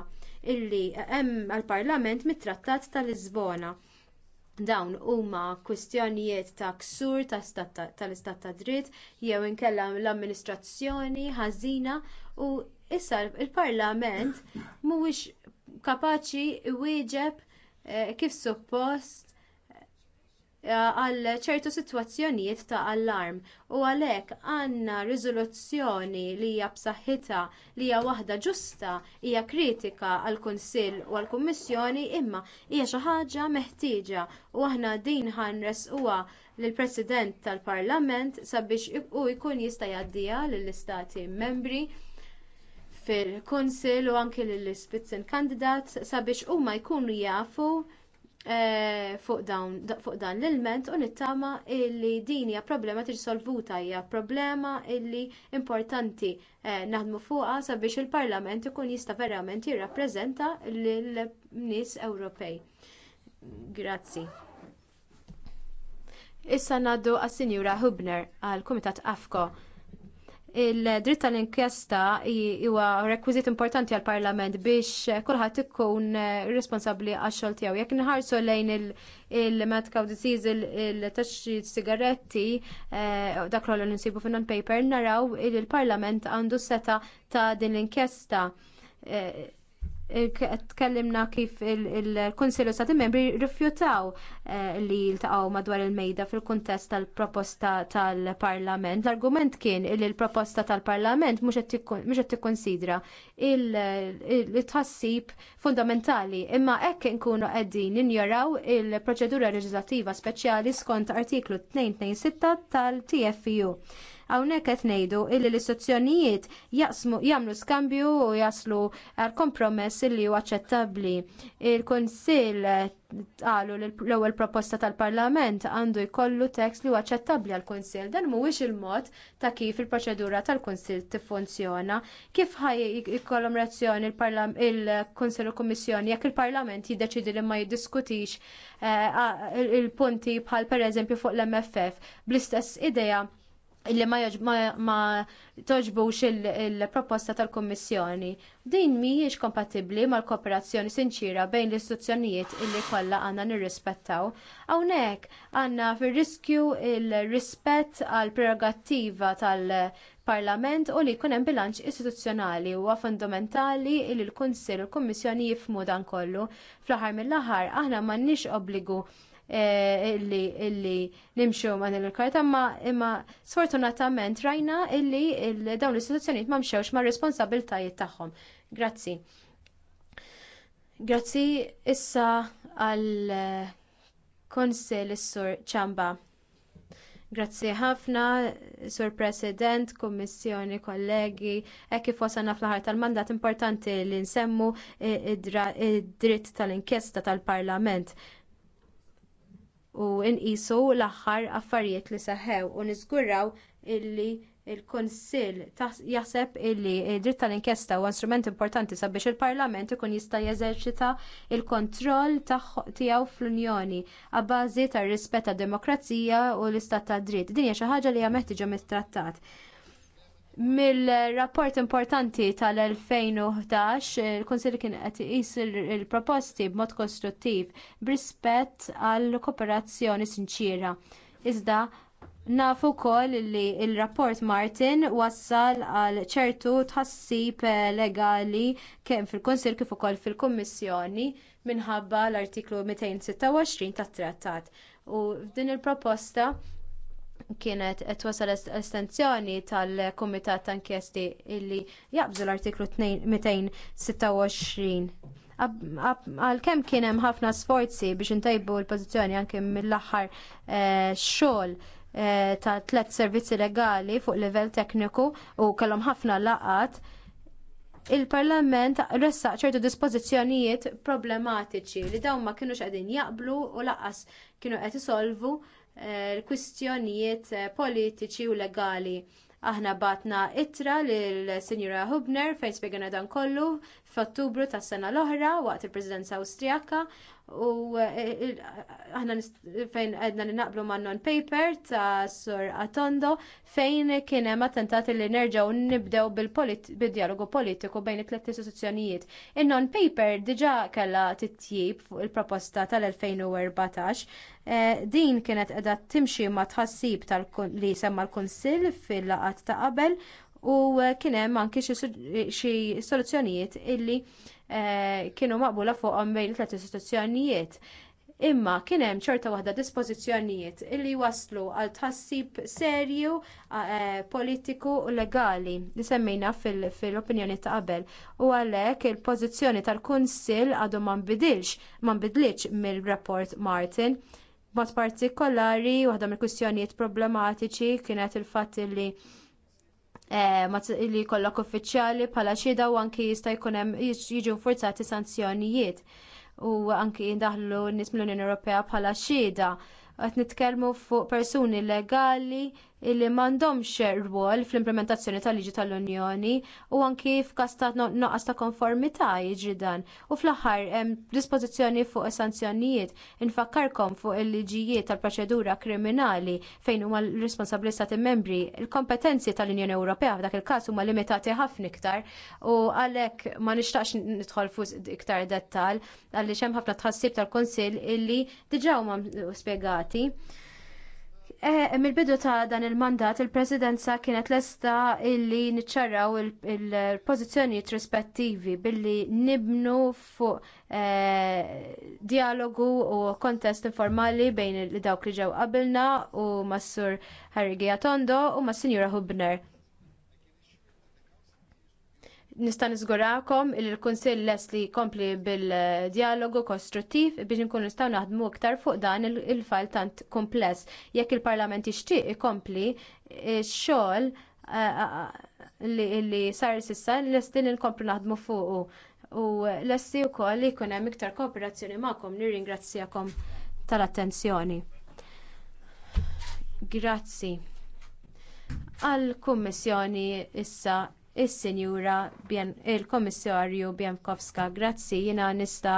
illi hemm għall-Parlament mit-Trattat ta' Lisbona. Dawn huma kwistjonijiet ta' ksur tal-istat ta' dritt jew inkella l-amministrazzjoni ħażina u issa il-Parlament mhuwiex kapaċi iwieġeb eh, kif suppost Eh, għal ċertu sitwazzjonijiet ta' allarm u għalhekk għandna riżoluzzjoni li hija b'saħħitha li hija waħda ġusta hija kritika għall kunsill u għall kummissjoni imma hija xi ħaġa meħtieġa u aħna din huwa lill-President tal-Parlament sabiex hu jkun jista' jgħaddiha lill-istati membri fil kunsill u anke lill-Spitzen kandidat sabiex huma jkunu jafu Eh, fuq dan l-ilment u nittama li din hija problema tiġi hija problema li importanti eh, naħdmu fuqha sabiex il-Parlament ikun jista' verament jirrappreżenta lin-nies Ewropej. Grazzi. Issa ngħaddu għas-Sinjura Hubner għall kumitat AFCO il-dritt tal-inkjesta huwa rekwiżit importanti għall parlament biex kulħadd ikun eh, responsabbli għax-xogħol tiegħu. Jekk inħarsu lejn il-medical disease il-taxxi sigaretti eh, dak l nsibu fin non-paper naraw il-Parlament għandu seta ta' din l-inkjesta eh, tkellimna kif il-Kunsillu Stati Membri rifjutaw eh, li jiltaqgħu madwar il-mejda fil-kuntest tal-proposta tal-Parlament. L-argument kien li l-proposta tal-Parlament mhux qed tikkonsidra il-tħassib fundamentali imma hekk inkunu qegħdin ninjaraw il-proċedura leġislattiva speċjali skont artiklu 226 tal-TFU. Hawnhekk qed ngħidu li l-istituzzjonijiet jagħmlu skambju u jaslu għal kompromess li huwa aċċettabbli. Il-Kunsill qalu l-ewwel proposta tal-Parlament għandu jkollu tekst li huwa aċċettabbli għall kunsill Dan mhuwiex il-mod ta' kif il-proċedura tal-Kunsill tiffunzjona. Kif ħaj jkollhom reazzjoni il-Kunsill u Kummissjoni jekk il-Parlament jiddeċidi li ma jiddiskutix eh, il-punti bħal pereżempju fuq l-MFF bl-istess idea illi ma toġbux il-proposta tal kummissjoni Din mhijiex kompatibbli mal-kooperazzjoni sinċira bejn l-istituzzjonijiet illi kollha għandna nirrispettaw. Hawnhekk għandna fir-riskju il-rispett għall prerogattiva tal-Parlament u li jkun hemm bilanċ istituzzjonali huwa fundamentali li l-Kunsill u l-Kummissjoni jifhmu dan kollu. Fl-aħħar mill-aħħar aħna m'għandniex obbligu Eh, illi nimxu ma' din il-kart, imma sfortunatament rajna illi dawn l-istituzzjonijiet ma' mxewx ma' responsabiltajiet tagħhom. Grazzi. Grazzi issa għal eh, konsil is-sur ċamba. Grazzi ħafna, Sur President, Kummissjoni, kollegi, hekk kif wasalna fl-ħar tal-mandat importanti li nsemmu id-dritt tal-inkjesta tal-Parlament. tal inkjesta tal parlament u nqisu l-aħħar affarijiet li seħħew u niżguraw illi l kunsill jaħseb illi dritt tal-inkjesta huwa strument importanti sabiex il-Parlament ikun jista' jeżerċita l kontroll tiegħu fl-Unjoni għabbażi tar-rispett tad-demokrazija u l-istat tad dritt. Din hija xi ħaġa li hija meħtieġa mit-trattat. Mill-rapport importanti tal-2011, il-Konsil kien qed iqis il-proposti b'mod kostruttiv b'rispett għall kooperazzjoni sinċira. Iżda nafu wkoll li r rapport Martin wassal għal ċertu tħassib legali kemm fil-Konsil kif ukoll fil-Kummissjoni minħabba l-artiklu 226 tat-trattat. U f'din il-proposta kienet qed wasal estensjoni tal-Kumitat ta' Inkjesti illi jaqbżu l-artiklu 226. Għalkemm kien hemm ħafna sforzi biex intajbu l-pożizzjoni anke mill-aħħar eh, xogħol eh, ta' tliet servizzi legali fuq livell tekniku u kellhom ħafna laqat il-Parlament ressaq ċertu dispożizzjonijiet problematiċi li dawn ma kinux qegħdin jaqblu u lanqas kienu qed isolvu Eh, l-kwistjonijiet eh, politiċi u legali. Aħna batna ittra lil Sinjura Hubner fejn spiegħana dan kollu f'Ottubru tas-sena l-oħra waqt il-Presidenza Awstrijaka u eh, eh, eh, aħna fejn għedna ninaqblu ma' non-paper ta' Sur Atondo fejn kien hemm attentati li nerġgħu nibdew bil-dialogu politiku bejn it-tliet istituzzjonijiet. In-non-paper diġà kellha titjib fuq il-proposta tal-2014. Din kienet qiegħda timxi ma' tħassib tal li semma l-Kunsill fil-laqat ta' qabel u eh, kien hemm anke xi soluzzjonijiet illi eh, kienu maqbula fuqhom bejn tliet istituzzjonijiet. Imma kien hemm ċerta waħda dispożizzjonijiet illi waslu għal tħassib serju eh, politiku u legali li semmejna fil-opinjoni ta' qabel u għalhekk il-pożizzjoni tal-Kunsill għadu ma nbidilx ma nbidlitx mill-rapport Martin. Mod partikolari waħda mill-kwistjonijiet problematiċi kienet il-fatt li Eh, li jkollok uffiċjali bħala xhieda u anki jista' jkun hemm jiġu nfurzati sanzjonijiet u anki ndaħlu nies mill-Unjoni Ewropea bħala xhieda qed nitkellmu fuq persuni legali illi m'għandhomx rwol fl-implementazzjoni tal-liġi tal-Unjoni u anki f'każ ta' noqqas ta' konformità jiġri dan. U fl-aħħar hemm dispożizzjoni fuq sanzjonijiet infakkarkom fuq il-liġijiet tal-proċedura kriminali fejn huma responsabbli stati membri. Il-kompetenzi tal-Unjoni Ewropea f'dak il-każ huma limitati ħafna iktar u għalhekk ma nixtaqx nidħol fuq iktar dettal għaliex hemm ħafna tħassib tal-Kunsill illi diġà huma spjegati. Eh, mill-bidu ta' dan il-mandat il-presidenza kienet lesta illi niċċaraw il-pozizjonijiet rispettivi billi nibnu fuq eh, dialogu u kontest informali bejn dawk li ġew qabilna u massur Harry Tondo u mas-Sinjura Hubner nista' niżgurakom li l-Kunsill lest li jkompli bil-dialogu kostruttiv biex nkunu nistgħu naħdmu iktar fuq dan il-fajl tant kumpless. Jekk il-Parlament jixtieq ikompli x-xogħol li sar sissa lesti li nkomplu naħdmu fuqu. U lesti wkoll li jkun hemm iktar kooperazzjoni magħkom nirringrazzjakom tal-attenzjoni. Grazzi. għal kummissjoni issa is-Sinjura il-Komissarju Bjankowska. Grazzi, jiena nista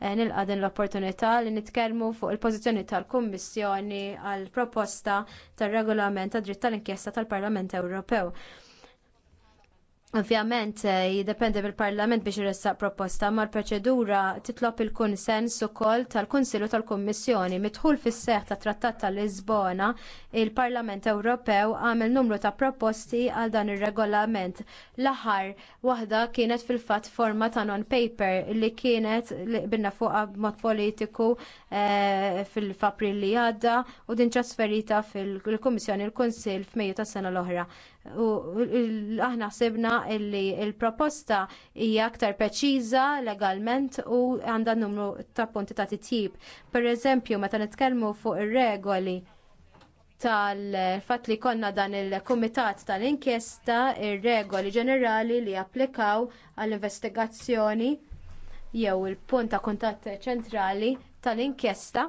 eh, nilqa din l-opportunità li nitkellmu fuq il-pożizzjoni tal-Kummissjoni għall proposta tar-regolament tad dritt tal-inkjesta tal-Parlament Ewropew. Ovvjament eh, jiddependi mill-Parlament biex iressaq proposta, ma l-proċedura titlob il-kunsens ukoll tal-Kunsillu tal-Kummissjoni. Midħul fis seħħ tat Trattat tal-Lisbona, il-Parlament Ewropew għamel numru ta' proposti għal dan ir-regolament. L-aħħar waħda kienet fil-fatt forma ta' non-paper li kienet binna fuqha b'mod politiku eh, fil april li għadda u din trasferita fil-Kummissjoni l-Kunsill f'Mejju tas-sena l-oħra u aħna ħsibna li l proposta hija aktar preċiża legalment u għandha numru ta' punti ta' titjib. Pereżempju, meta nitkellmu fuq ir-regoli tal-fatt li konna dan il-Kumitat tal-inkjesta ir-regoli ġenerali li applikaw għall-investigazzjoni jew il-punt ta' kuntatt ċentrali tal-inkjesta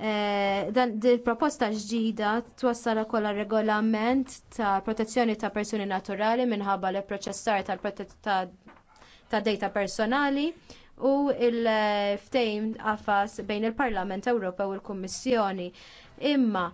Eh, dan proposta ġdida twassal ukoll regolament ta' protezzjoni ta' persuni naturali minħabba l proċessar ta' data personali u l eh, ftejm qafas bejn il-Parlament Ewropew u l-Kummissjoni. Imma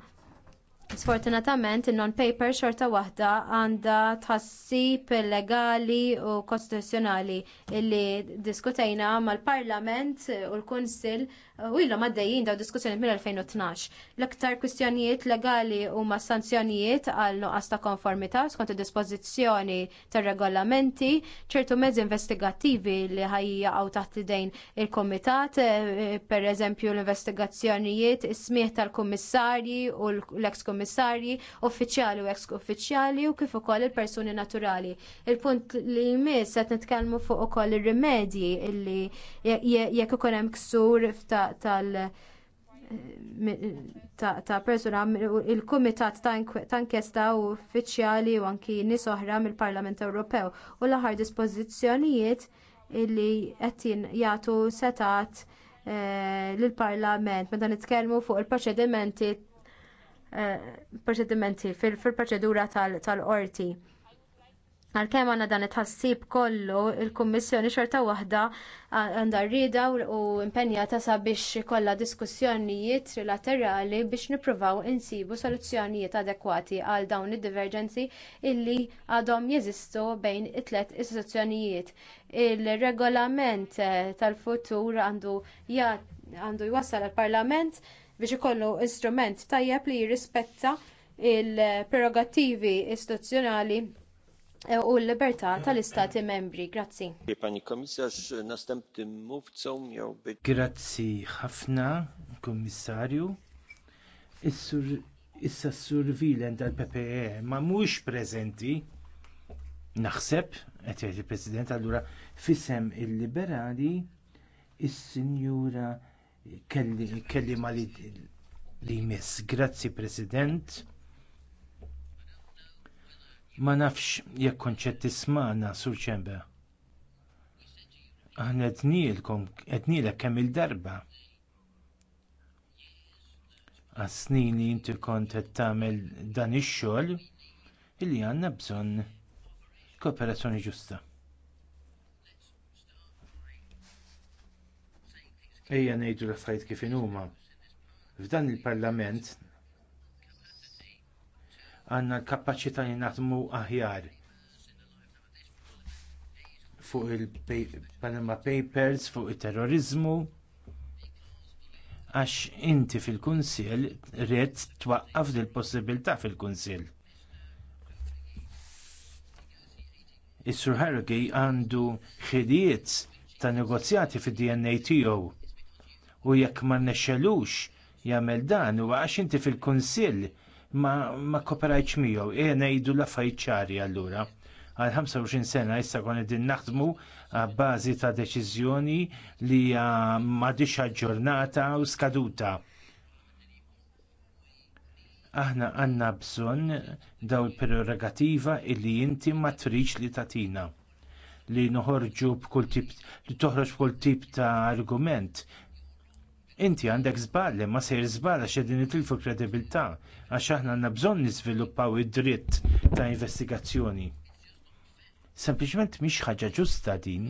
Sfortunatament, in non paper xorta waħda għandha tħassib legali u kostituzzjonali illi diskutejna mal-Parlament u l kunsill u ilhom għaddejjin daw diskussjoni mill-2012. L-aktar kwistjonijiet legali huma sanzjonijiet għal nuqqas ta' konformità skont id-dispożizzjoni tar-regolamenti, ċertu mezzi investigattivi li ħajja għaw taħt idejn il-Komitat, eh, per eżempju l-investigazzjonijiet, is-smieħ tal-Kummissarji u l-ex kummissarji uffiċjali u eks uffiċjali u kif ukoll il-persuni naturali. Il-punt li jmiss qed nitkellmu fuq ukoll ir-rimedji jekk ikun hemm ksur tal- eh, ta' persuna il-Kumitat ta' inkjesta u uffiċjali u anki nies oħra mill-Parlament Ewropew u l-aħħar dispożizzjonijiet illi qed jagħtu setat eh, lill-Parlament meta nitkellmu fuq il-proċedimenti Eh, proċedimenti fil-proċedura tal-qorti. Għalkemm għandna dan it-ħassib kollu, il-Kummissjoni xorta waħda għandha rrida u impenjata sabiex kollha diskussjonijiet trilaterali biex nippruvaw insibu soluzzjonijiet adekwati għal dawn id-divergenzi illi għadhom jeżistu bejn it-tlet istituzzjonijiet. Il-regolament eh, tal-futur għandu jwassal għall-Parlament biex ikollu instrument tajjeb li jirrispetta l prerogattivi istituzzjonali eh, u l-libertà tal-istati membri. Grazzi. Pani komisarz, nastem tim miał być... Grazzi ħafna, komissarju. Issa s-survilen tal-PPE ma mux prezenti Naħseb, qed il-President, għallura fisem il-liberali is-Sinjura il liberali is il sinjura kelli ma li jmiss. Grazzi President. Ma nafx jekk konċett tismana sur ċembe. Aħna etnilkom, etnila kemm il-darba. Għasnini snin inti kont qed tagħmel dan ix-xogħol illi għandna bżonn kooperazzjoni ġusta. Ejja ngħidu l-affarijiet kif huma. F'dan il-Parlament għandna l-kapaċità li naħdmu aħjar fuq il-Panama Papers, fuq it terrorizmu għax inti fil-Kunsill rrid twaqqaf dil possibilità fil-Kunsill. Is-Sur Harrogate għandu ħiliet ta' negozjati fid-DNA tiegħu u jekk ma nexxelux jagħmel dan huwa għax inti fil-kunsill ma, ma koperajċ miegħu, e ngħidu la fajċari allura. Għal 25 sena issa kon qegħdin naħdmu bażi ta' deċiżjoni li m'għadix aġġornata u skaduta. Aħna għandna bżonn daw il-prerogativa illi inti ma trix li tatina li noħorġu b'kull tip li toħroġ b'kull tip ta' argument Inti għandek li ma sejr żbar għax qegħdin nitilfu kredibilità għax aħna għandna bżonn niżviluppaw id-dritt ta' investigazzjoni. Sempliċement mhix ħaġa ġusta din,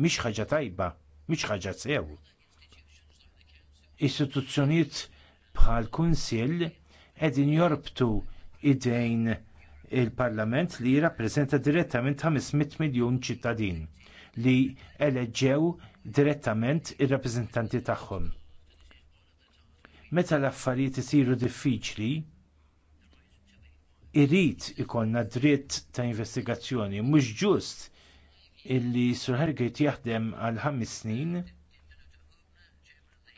mhix ħaġa tajba, mhix ħaġa sew. Istituzzjonijiet bħal kunsill qegħdin jorbtu idejn il-Parlament li jirrappreżenta direttament 500 miljun ċittadin li eleġġew direttament ir-rappreżentanti tagħhom. Meta l-affarijiet isiru diffiċli, irrid ikollna dritt ta' investigazzjoni, mhux ġust illi Sur Hergate jaħdem għal ħames snin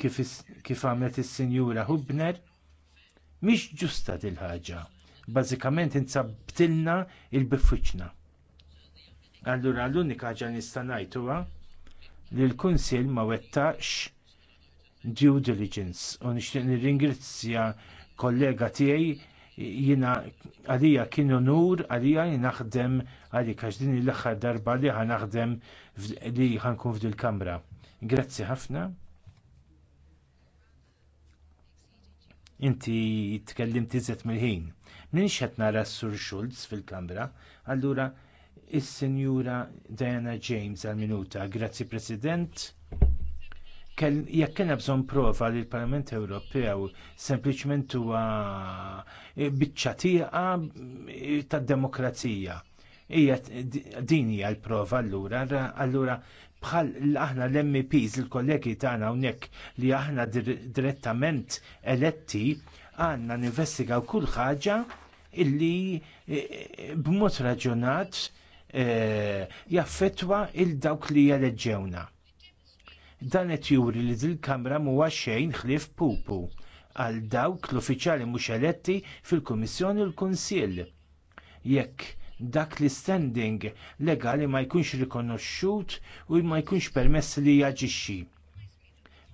kif għamlet is-Sinjura Hubner, mhix ġusta dil ħaġa Bażikament insabtilna il-bifuċna. Allura l-unika ħaġa nista' ngħid huwa li l-Kunsill ma wettax due diligence u nixtieq nirringrazzja kollega tiegħi jina għalija kien nur għalija naħdem għalik għax din l-aħħar darba li ħanaħdem li ħankun f'dil kamra. Grazzi ħafna. Inti tkellimt iżet mill-ħin. Min xed nara sur Schulz fil-kamra, allura is-Sinjura Diana James għal-minuta. Grazzi President jekk kien bżonn prova li l-Parlament Ewropew sempliċement huwa eh, biċċa tieqa eh, tad-demokrazija. Hija din hija l-prova allura, allura bħal aħna l-MEPs, il-kollegi tagħna hawnhekk li aħna direttament eletti għandna ninvestigaw kull ħaġa illi eh, b'mod raġunat jaffettwa il dawk li jeleġġewna Dan qed juri li din kamra huwa xejn ħlief pupu għal dawk l-uffiċjali mhux eletti fil-Kummissjoni u l-Kunsill. Jekk dak li standing legali ma jkunx rikonoxxut u ma jkunx permess li jaġixxi.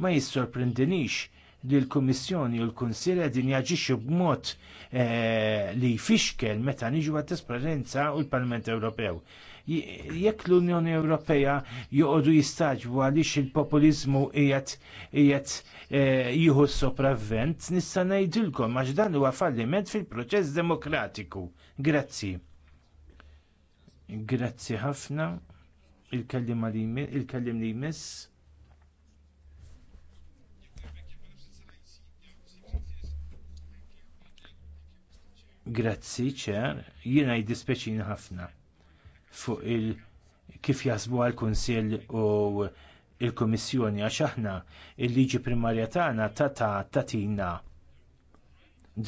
Ma jissorprendinix li l-Kummissjoni u l kunsill qegħdin jaġixxu b'mod eh, li jfixkel meta niġu għat-trasparenza u l-Parlament Ewropew. Jekk l-Unjoni Ewropea joqogħdu jistaġbu għaliex il-populizmu qiegħed eh, jieħu sopravvent, nista' ngħidilkom għax dan huwa falliment fil-proċess demokratiku. Grazzi. Grazzi ħafna il-kellim il li jmiss. Grazzi ċer, jiena jiddispeċin ħafna fuq il kif jasbu għall kunsill u l kummissjoni għax aħna il-liġi primarja tagħna tata tatina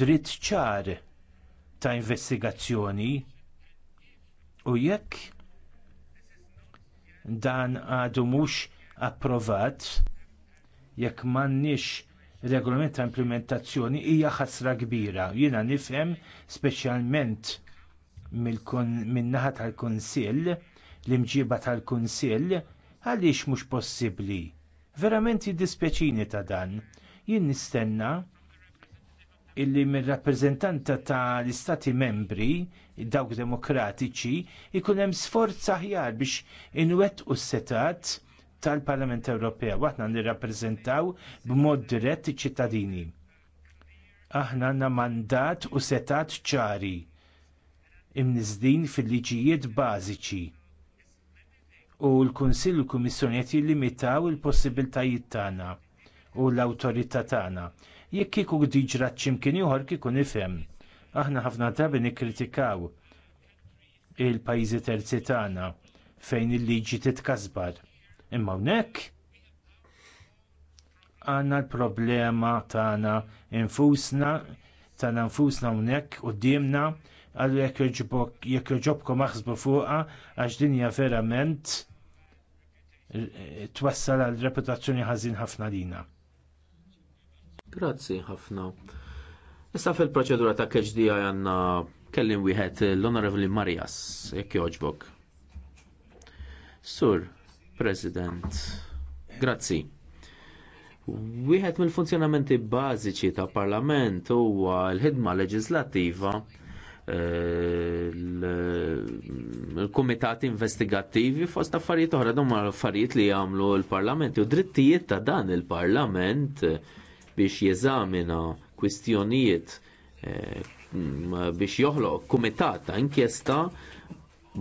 dritt ċar ta' investigazzjoni u jekk dan għadu mhux approvat jekk m'għandniex regolament ta' implementazzjoni hija ħasra kbira. Jiena nifhem speċjalment min-naħa tal-Kunsill, l-imġiba tal-Kunsill, għaliex mhux possibbli. Verament jiddispjaċini ta' dan. Jien nistenna illi mir-rappreżentanta tal-Istati membri, dawk demokratiċi, ikun hemm sforz aħjar biex inwettqu s-setat tal-Parlament Ewropew, aħna nirrappreżentaw b'mod dirett iċ-ċittadini. Aħna għandna mandat u setat ċari imniżdin fil-liġijiet bażiċi u l-Kunsill u l-Kummissjoni qed jillimitaw il-possibbiltajiet tagħna u l-awtorità tagħna. Jekk kieku diġra kien ieħor kieku nifhem. Aħna ħafna drabi nikkritikaw il-pajjiżi terzi tagħna fejn il-liġi titkasbar. Imma hawnhekk għandna l-problema tagħna infusna tagħna infusna hawnhekk qudiemna għallu jekk joġobkom aħsbu fuqha għax dinja verament eh, twassal għal reputazzjoni ħażin ħafna lina. Grazzi ħafna. Issa fil-proċedura ta' KHDI għanna kellim wieħed l-Honorable Marias, jekk joġbok. Sur, President, grazzi. Wieħed mill-funzjonamenti bażiċi ta' Parlament huwa l-ħidma leġislattiva il eh, kumitati investigattivi fost affarijiet oħra dom affarijiet li jagħmlu l-Parlament u drittijiet ta' dan il-Parlament biex jeżamina kwistjonijiet eh, biex joħloq kumitat ta' inkjesta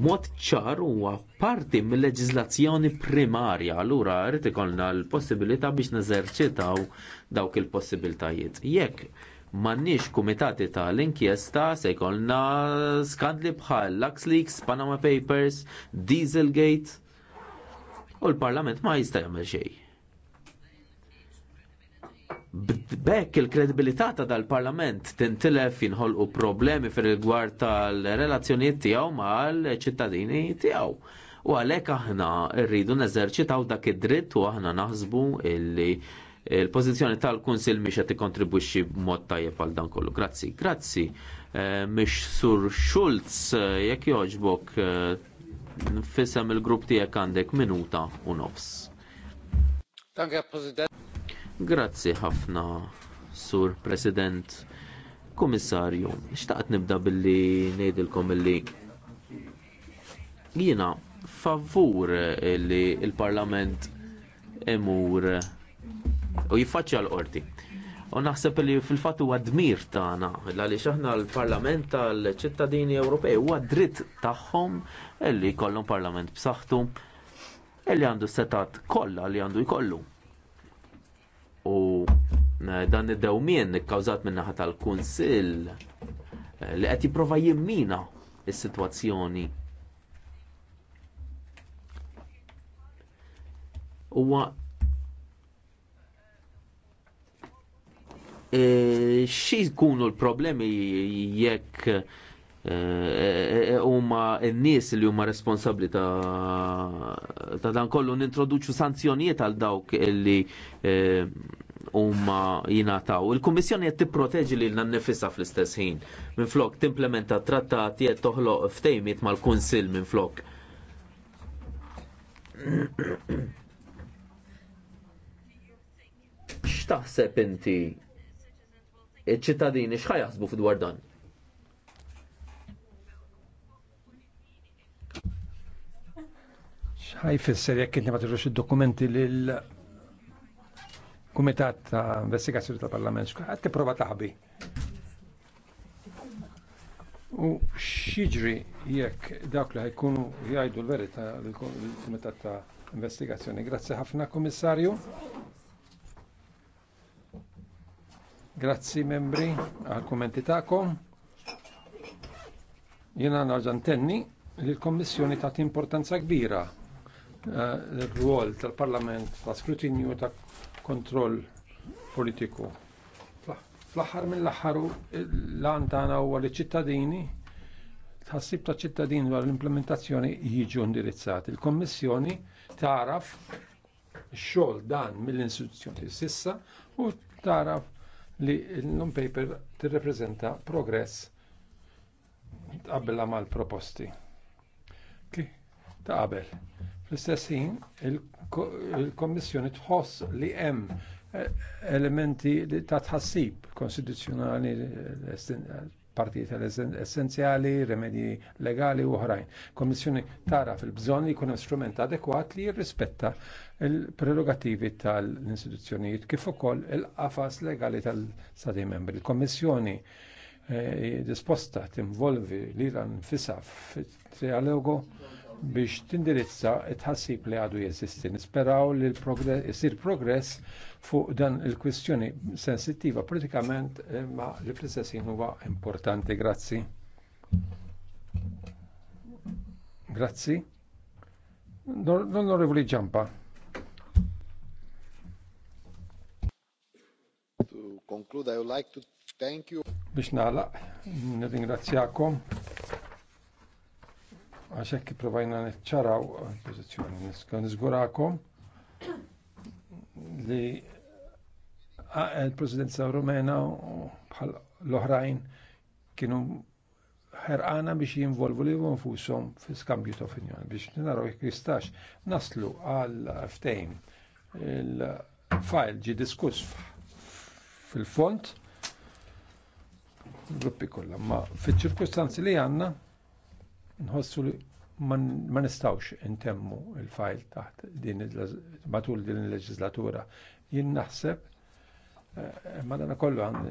mod ċar huwa parti mill-leġiżlazzjoni primarja, allura rrid ikollna l-possibilità biex neżerċitaw dawk il-possibilitajiet. Jekk M'għandniex kumitati tal-inkjesta se jkollna skandli bħal LuxLeaks, Panama Papers, Dieselgate u l-Parlament ma jista' jagħmel xejn. B'hekk il-kredibilità ta' dal-Parlament tintilef jinħolqu problemi fir rigward tal-relazzjonijiet tiegħu mal-ċittadini tiegħu. U għalhekk aħna rridu neżerċitaw dak id-dritt u aħna naħsbu illi il-pożizzjoni tal-Kunsil miex qed ikkontribwixxi b'mod tajjeb għal dan kollu. Grazzi, grazzi. Eh, mhix Sur Schulz eh, jekk jogħġbok eh, fissem il-grupp tiegħek għandek minuta u nofs. Danke, President. Grazzi ħafna, Sur President. Komissarju, xtaqt nibda billi ngħidilkom illi jiena favur li l parlament imur u jiffaċċja l-qorti. U naħseb li fil-fatt huwa dmir tagħna għaliex aħna l-Parlament tal-ċittadini Ewropej huwa dritt tagħhom li jkollhom parlament b'saħħtu li għandu setat kollha li għandu jkollu. U eh, dan id-dewmien kkawżat minn naħa tal-Kunsill eh, li qed jipprova jimmina s sitwazzjoni huwa E, xie jkunu l-problemi jekk e, e, huma n-nies li huma responsabbli ta' dan kollu nintroduċu sanzjonijiet għal dawk li huma jinataw. Il-Kummissjoni qed tipproteġi lil nnifisha fl-istess ħin. Minflok timplementa t-trattat qed toħloq ftejmiet mal-Kunsill minflok. X'taħseb inti ċittadini xħajaħsbu fidwar dan. fisser jekk inti ma tirrux id-dokumenti lil Kumitat ta' Investigazzjoni tal-Parlament x'qed tipprova taħbi. U x'jiġri jekk dawk li ħajkunu jgħidu l-verità l-Kumitat ta' Investigazzjoni. Grazzi ħafna, Kummissarju. Grazzi membri għal kummenti tagħkom. Jena naġantenni li l-Kommissjoni ta' importanza kbira eh, l-rwol tal-Parlament ta' skrutinju ta' kontroll politiku. Fl-aħħar mill-aħħar l-għan tagħna huwa li ċittadini tħassib ta' ċittadini dwar l-implementazzjoni jiġu indirizzati. Il-Kommissjoni taraf xogħol dan mill instituzzjoni sissa u taraf li l-non-paper tirrepreżenta progress tqabbela mal-proposti. Ta' qabel. Fl-istess ħin, il-Kommissjoni tħoss li hemm eh, elementi ta' tħassib konstituzzjonali eh, partijiet essenzjali, remedji legali u oħrajn. Kommissjoni tara fil-bżonn li jkun strument adekwat li jirrispetta il-prerogativi tal instituzzjonijiet kif ukoll il-qafas legali tal-Stati membri. Il-Kommissjoni eh, disposta tinvolvi l-Iran fisa fit trialogu biex tindirizza t tħassib li għadu jeżisti. Nisperaw li jisir progress fuq dan il-kwistjoni sensittiva politikament ma li fl huwa importanti. Grazzi. Grazzi. L-Onorevoli Ġampa. To conclude, I would like to thank you. Biex nagħlaq, nirringrazzjakom għax hekk provajna niċċaraw pożizzjoni Niżgurakom li il-Presidenza Rumena bħal l-oħrajn kienu ħerqana biex jinvolvu li nfushom fi skambju ta' opinjoni biex naraw jekk jistax naslu għal ftejn il-fajl ġi diskuss fil-font gruppi kollha ma fiċ-ċirkustanzi li għandna nħossu li ma nistawx intemmu il-fajl taħt din matul din il-leġislatura. Jien naħseb eh, madana kollu għan,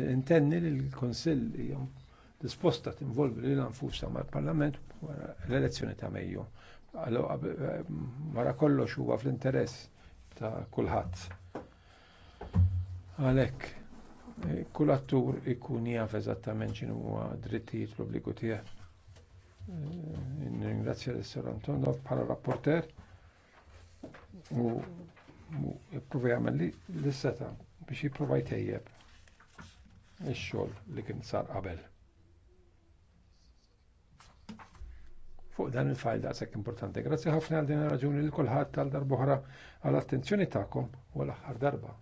intenni li l-Konsill jom disposta tinvolvi li l-anfusa ma l-Parlament l-elezzjoni ta' Mejju. Mara kollox huwa fl-interess ta' kulħadd. Għalhekk kull attur ikun jaf eżattament x'inhu drittijiet l-obbligu tiegħek il l Antonio per bħala rapporter u jipprova jagħmel l-seta biex jipprova jtejjeb il xogħol li kien sar qabel. Fuq dan il-fajl daqshekk importanti. Grazzi ħafna għal din ir-raġuni li kulħadd tal darbohra għall attenzjoni tagħkom u l-aħħar darba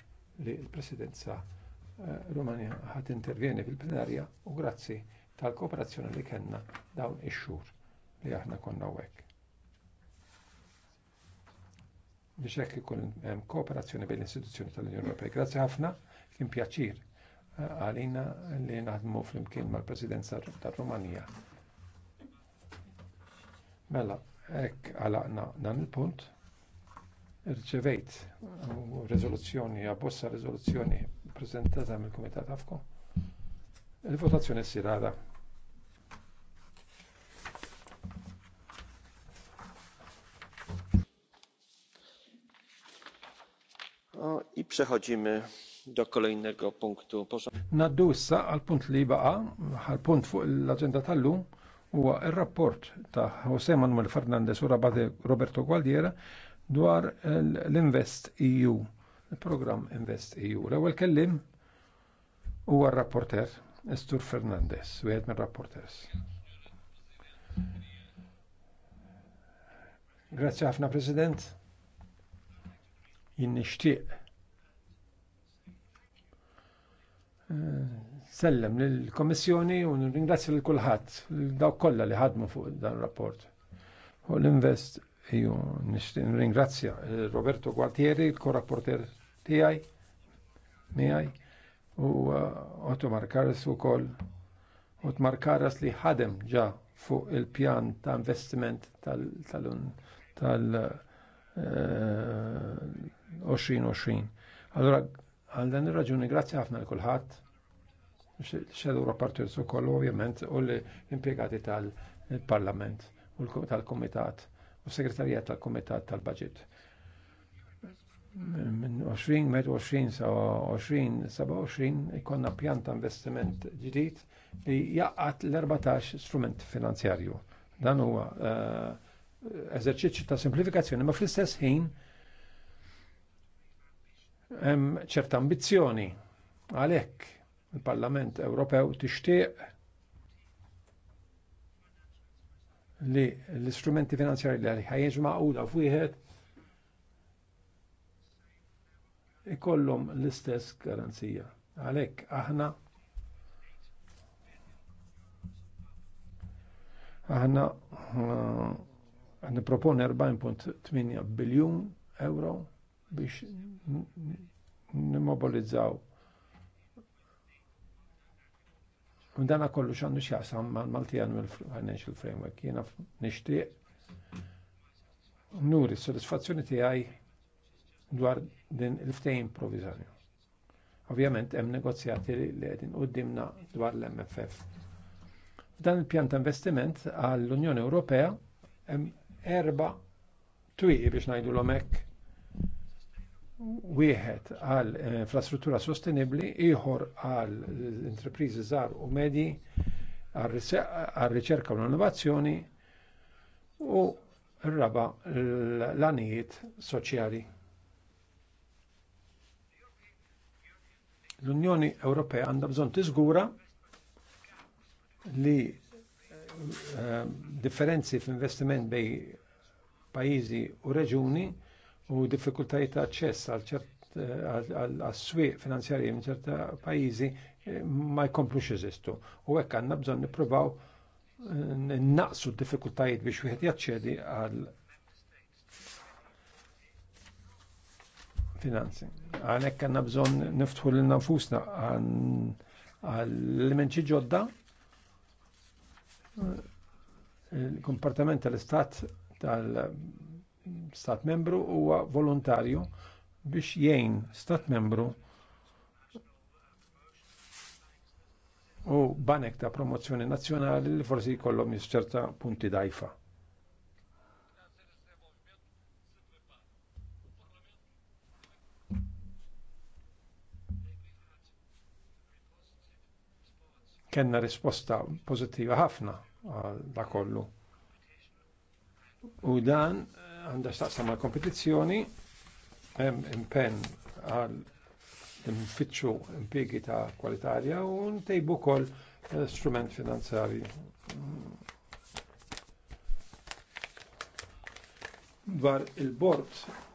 li l-Presidenza eh, Rumanija ħadd intervjeni fil-plenarja u grazzi tal-kooperazzjoni li kellna dawn ix-xhur li aħna konna hekk. Biex hekk ikun hemm kooperazzjoni bejn l-istituzzjoni tal-Unjoni Ewropea. Grazzi ħafna, kien pjaċir eh, għalina li naħdmu flimkien mal-Presidenza tar-Rumanija. Mela, hekk għalaqna dan il-punt irċevejt eh, rezoluzzjoni, abbossa rezoluzzjoni prezentata mill-Kumitat Afko. Il-votazzjoni s-sirada I przechodzimy do kolejnego punktu. Naddu issa għal punt li baqa, għal punt fuq l-agenda tal-lum, huwa ir-rapport ta' Jose Manuel Fernandez u rabate Roberto Gualdiera dwar l-Invest EU, il-programm Invest EU. L-ewwel kellim huwa r-rapporter Estur Fernandez, u għedmen rapporters Grazie ħafna President. Jien nixtieq sellem lill-Komissjoni u ringrazzja lil kulħadd dawk kollha li ħadmu fuq dan rapport. U l-invest ju ringrazzja eh, Roberto Gualtieri, il-korrapporter tiegħi miegħi u eh, Ottomar Karas ukoll Otmar Karas li ħadem ġa fuq il-pjan ta' investiment tal-2020. Eh, allora Għal dan ir-raġuni grazzi ħafna l kulħadd xedu rapporti l kollu ovvjament u l-impiegati tal-parlament u tal-komitat u segretarijiet tal-komitat tal-budget. Minn 20, 20 sa 20, 27 ikonna pjanta investiment ġdijt li jaqqat l-14 strument finanzjarju. Dan huwa eh, eżerċiċi ta' simplifikazzjoni, ma fl-istess ħin hemm ċerta ambizzjoni għalhekk il-Parlament Ewropew tixtieq li l-istrumenti finanzjari li ħajjeġ maquda f'wieħed ikollhom l-istess garanzija. Għalhekk aħna aħna uh, propone 4.8 biljun euro biex nimmobilizzaw. Dana kollu xandu xjaqsam mal-Maltijan mill-Financial Framework. Jena nishtiq nuri s-soddisfazzjoni tiegħi dwar din il ftejn provizjoni. Ovvjament hemm negozjati li qegħdin dimna dwar l-MFF. F'dan il-pjan ta' investiment għall-Unjoni Ewropea hemm erba' twieqi biex l-omek wieħed għal eh, infrastruttura sostenibbli, ieħor għal eh, intrapriżi żgħar u medji, għal riċerka u l-innovazzjoni u r-raba l-anijiet soċjali. L-Unjoni Ewropea għandha bżonn tiżgura li eh, differenzi f'investiment bej pajjiżi u reġuni u diffikultajiet ta' ċess għal ċert għal-swieq finanzjarji minn ċerta pajjiżi eh, ma jkomplux jeżistu. U hekk għandna bżonn nippruvaw eh, naqsu d-diffikultajiet biex wieħed jaċċedi għal finanzi. Għanek għanna bżon niftħu l-nafusna għal-elementi ġodda eh, il-kompartament tal-istat tal stat membru huwa volontarju biex jgħin stat membru u banek ta' promozzjoni nazzjonali li forsi jkollhom ċerta punti dajfa. Kenna risposta pożittiva ħafna għal da kollu. U dan għanda x'taqsam mal kompetizzjoni hemm impenn għal nfittxu impjiegi ta' kwalitarja u ntejbu kol eh, strument finanzjari dwar il-bord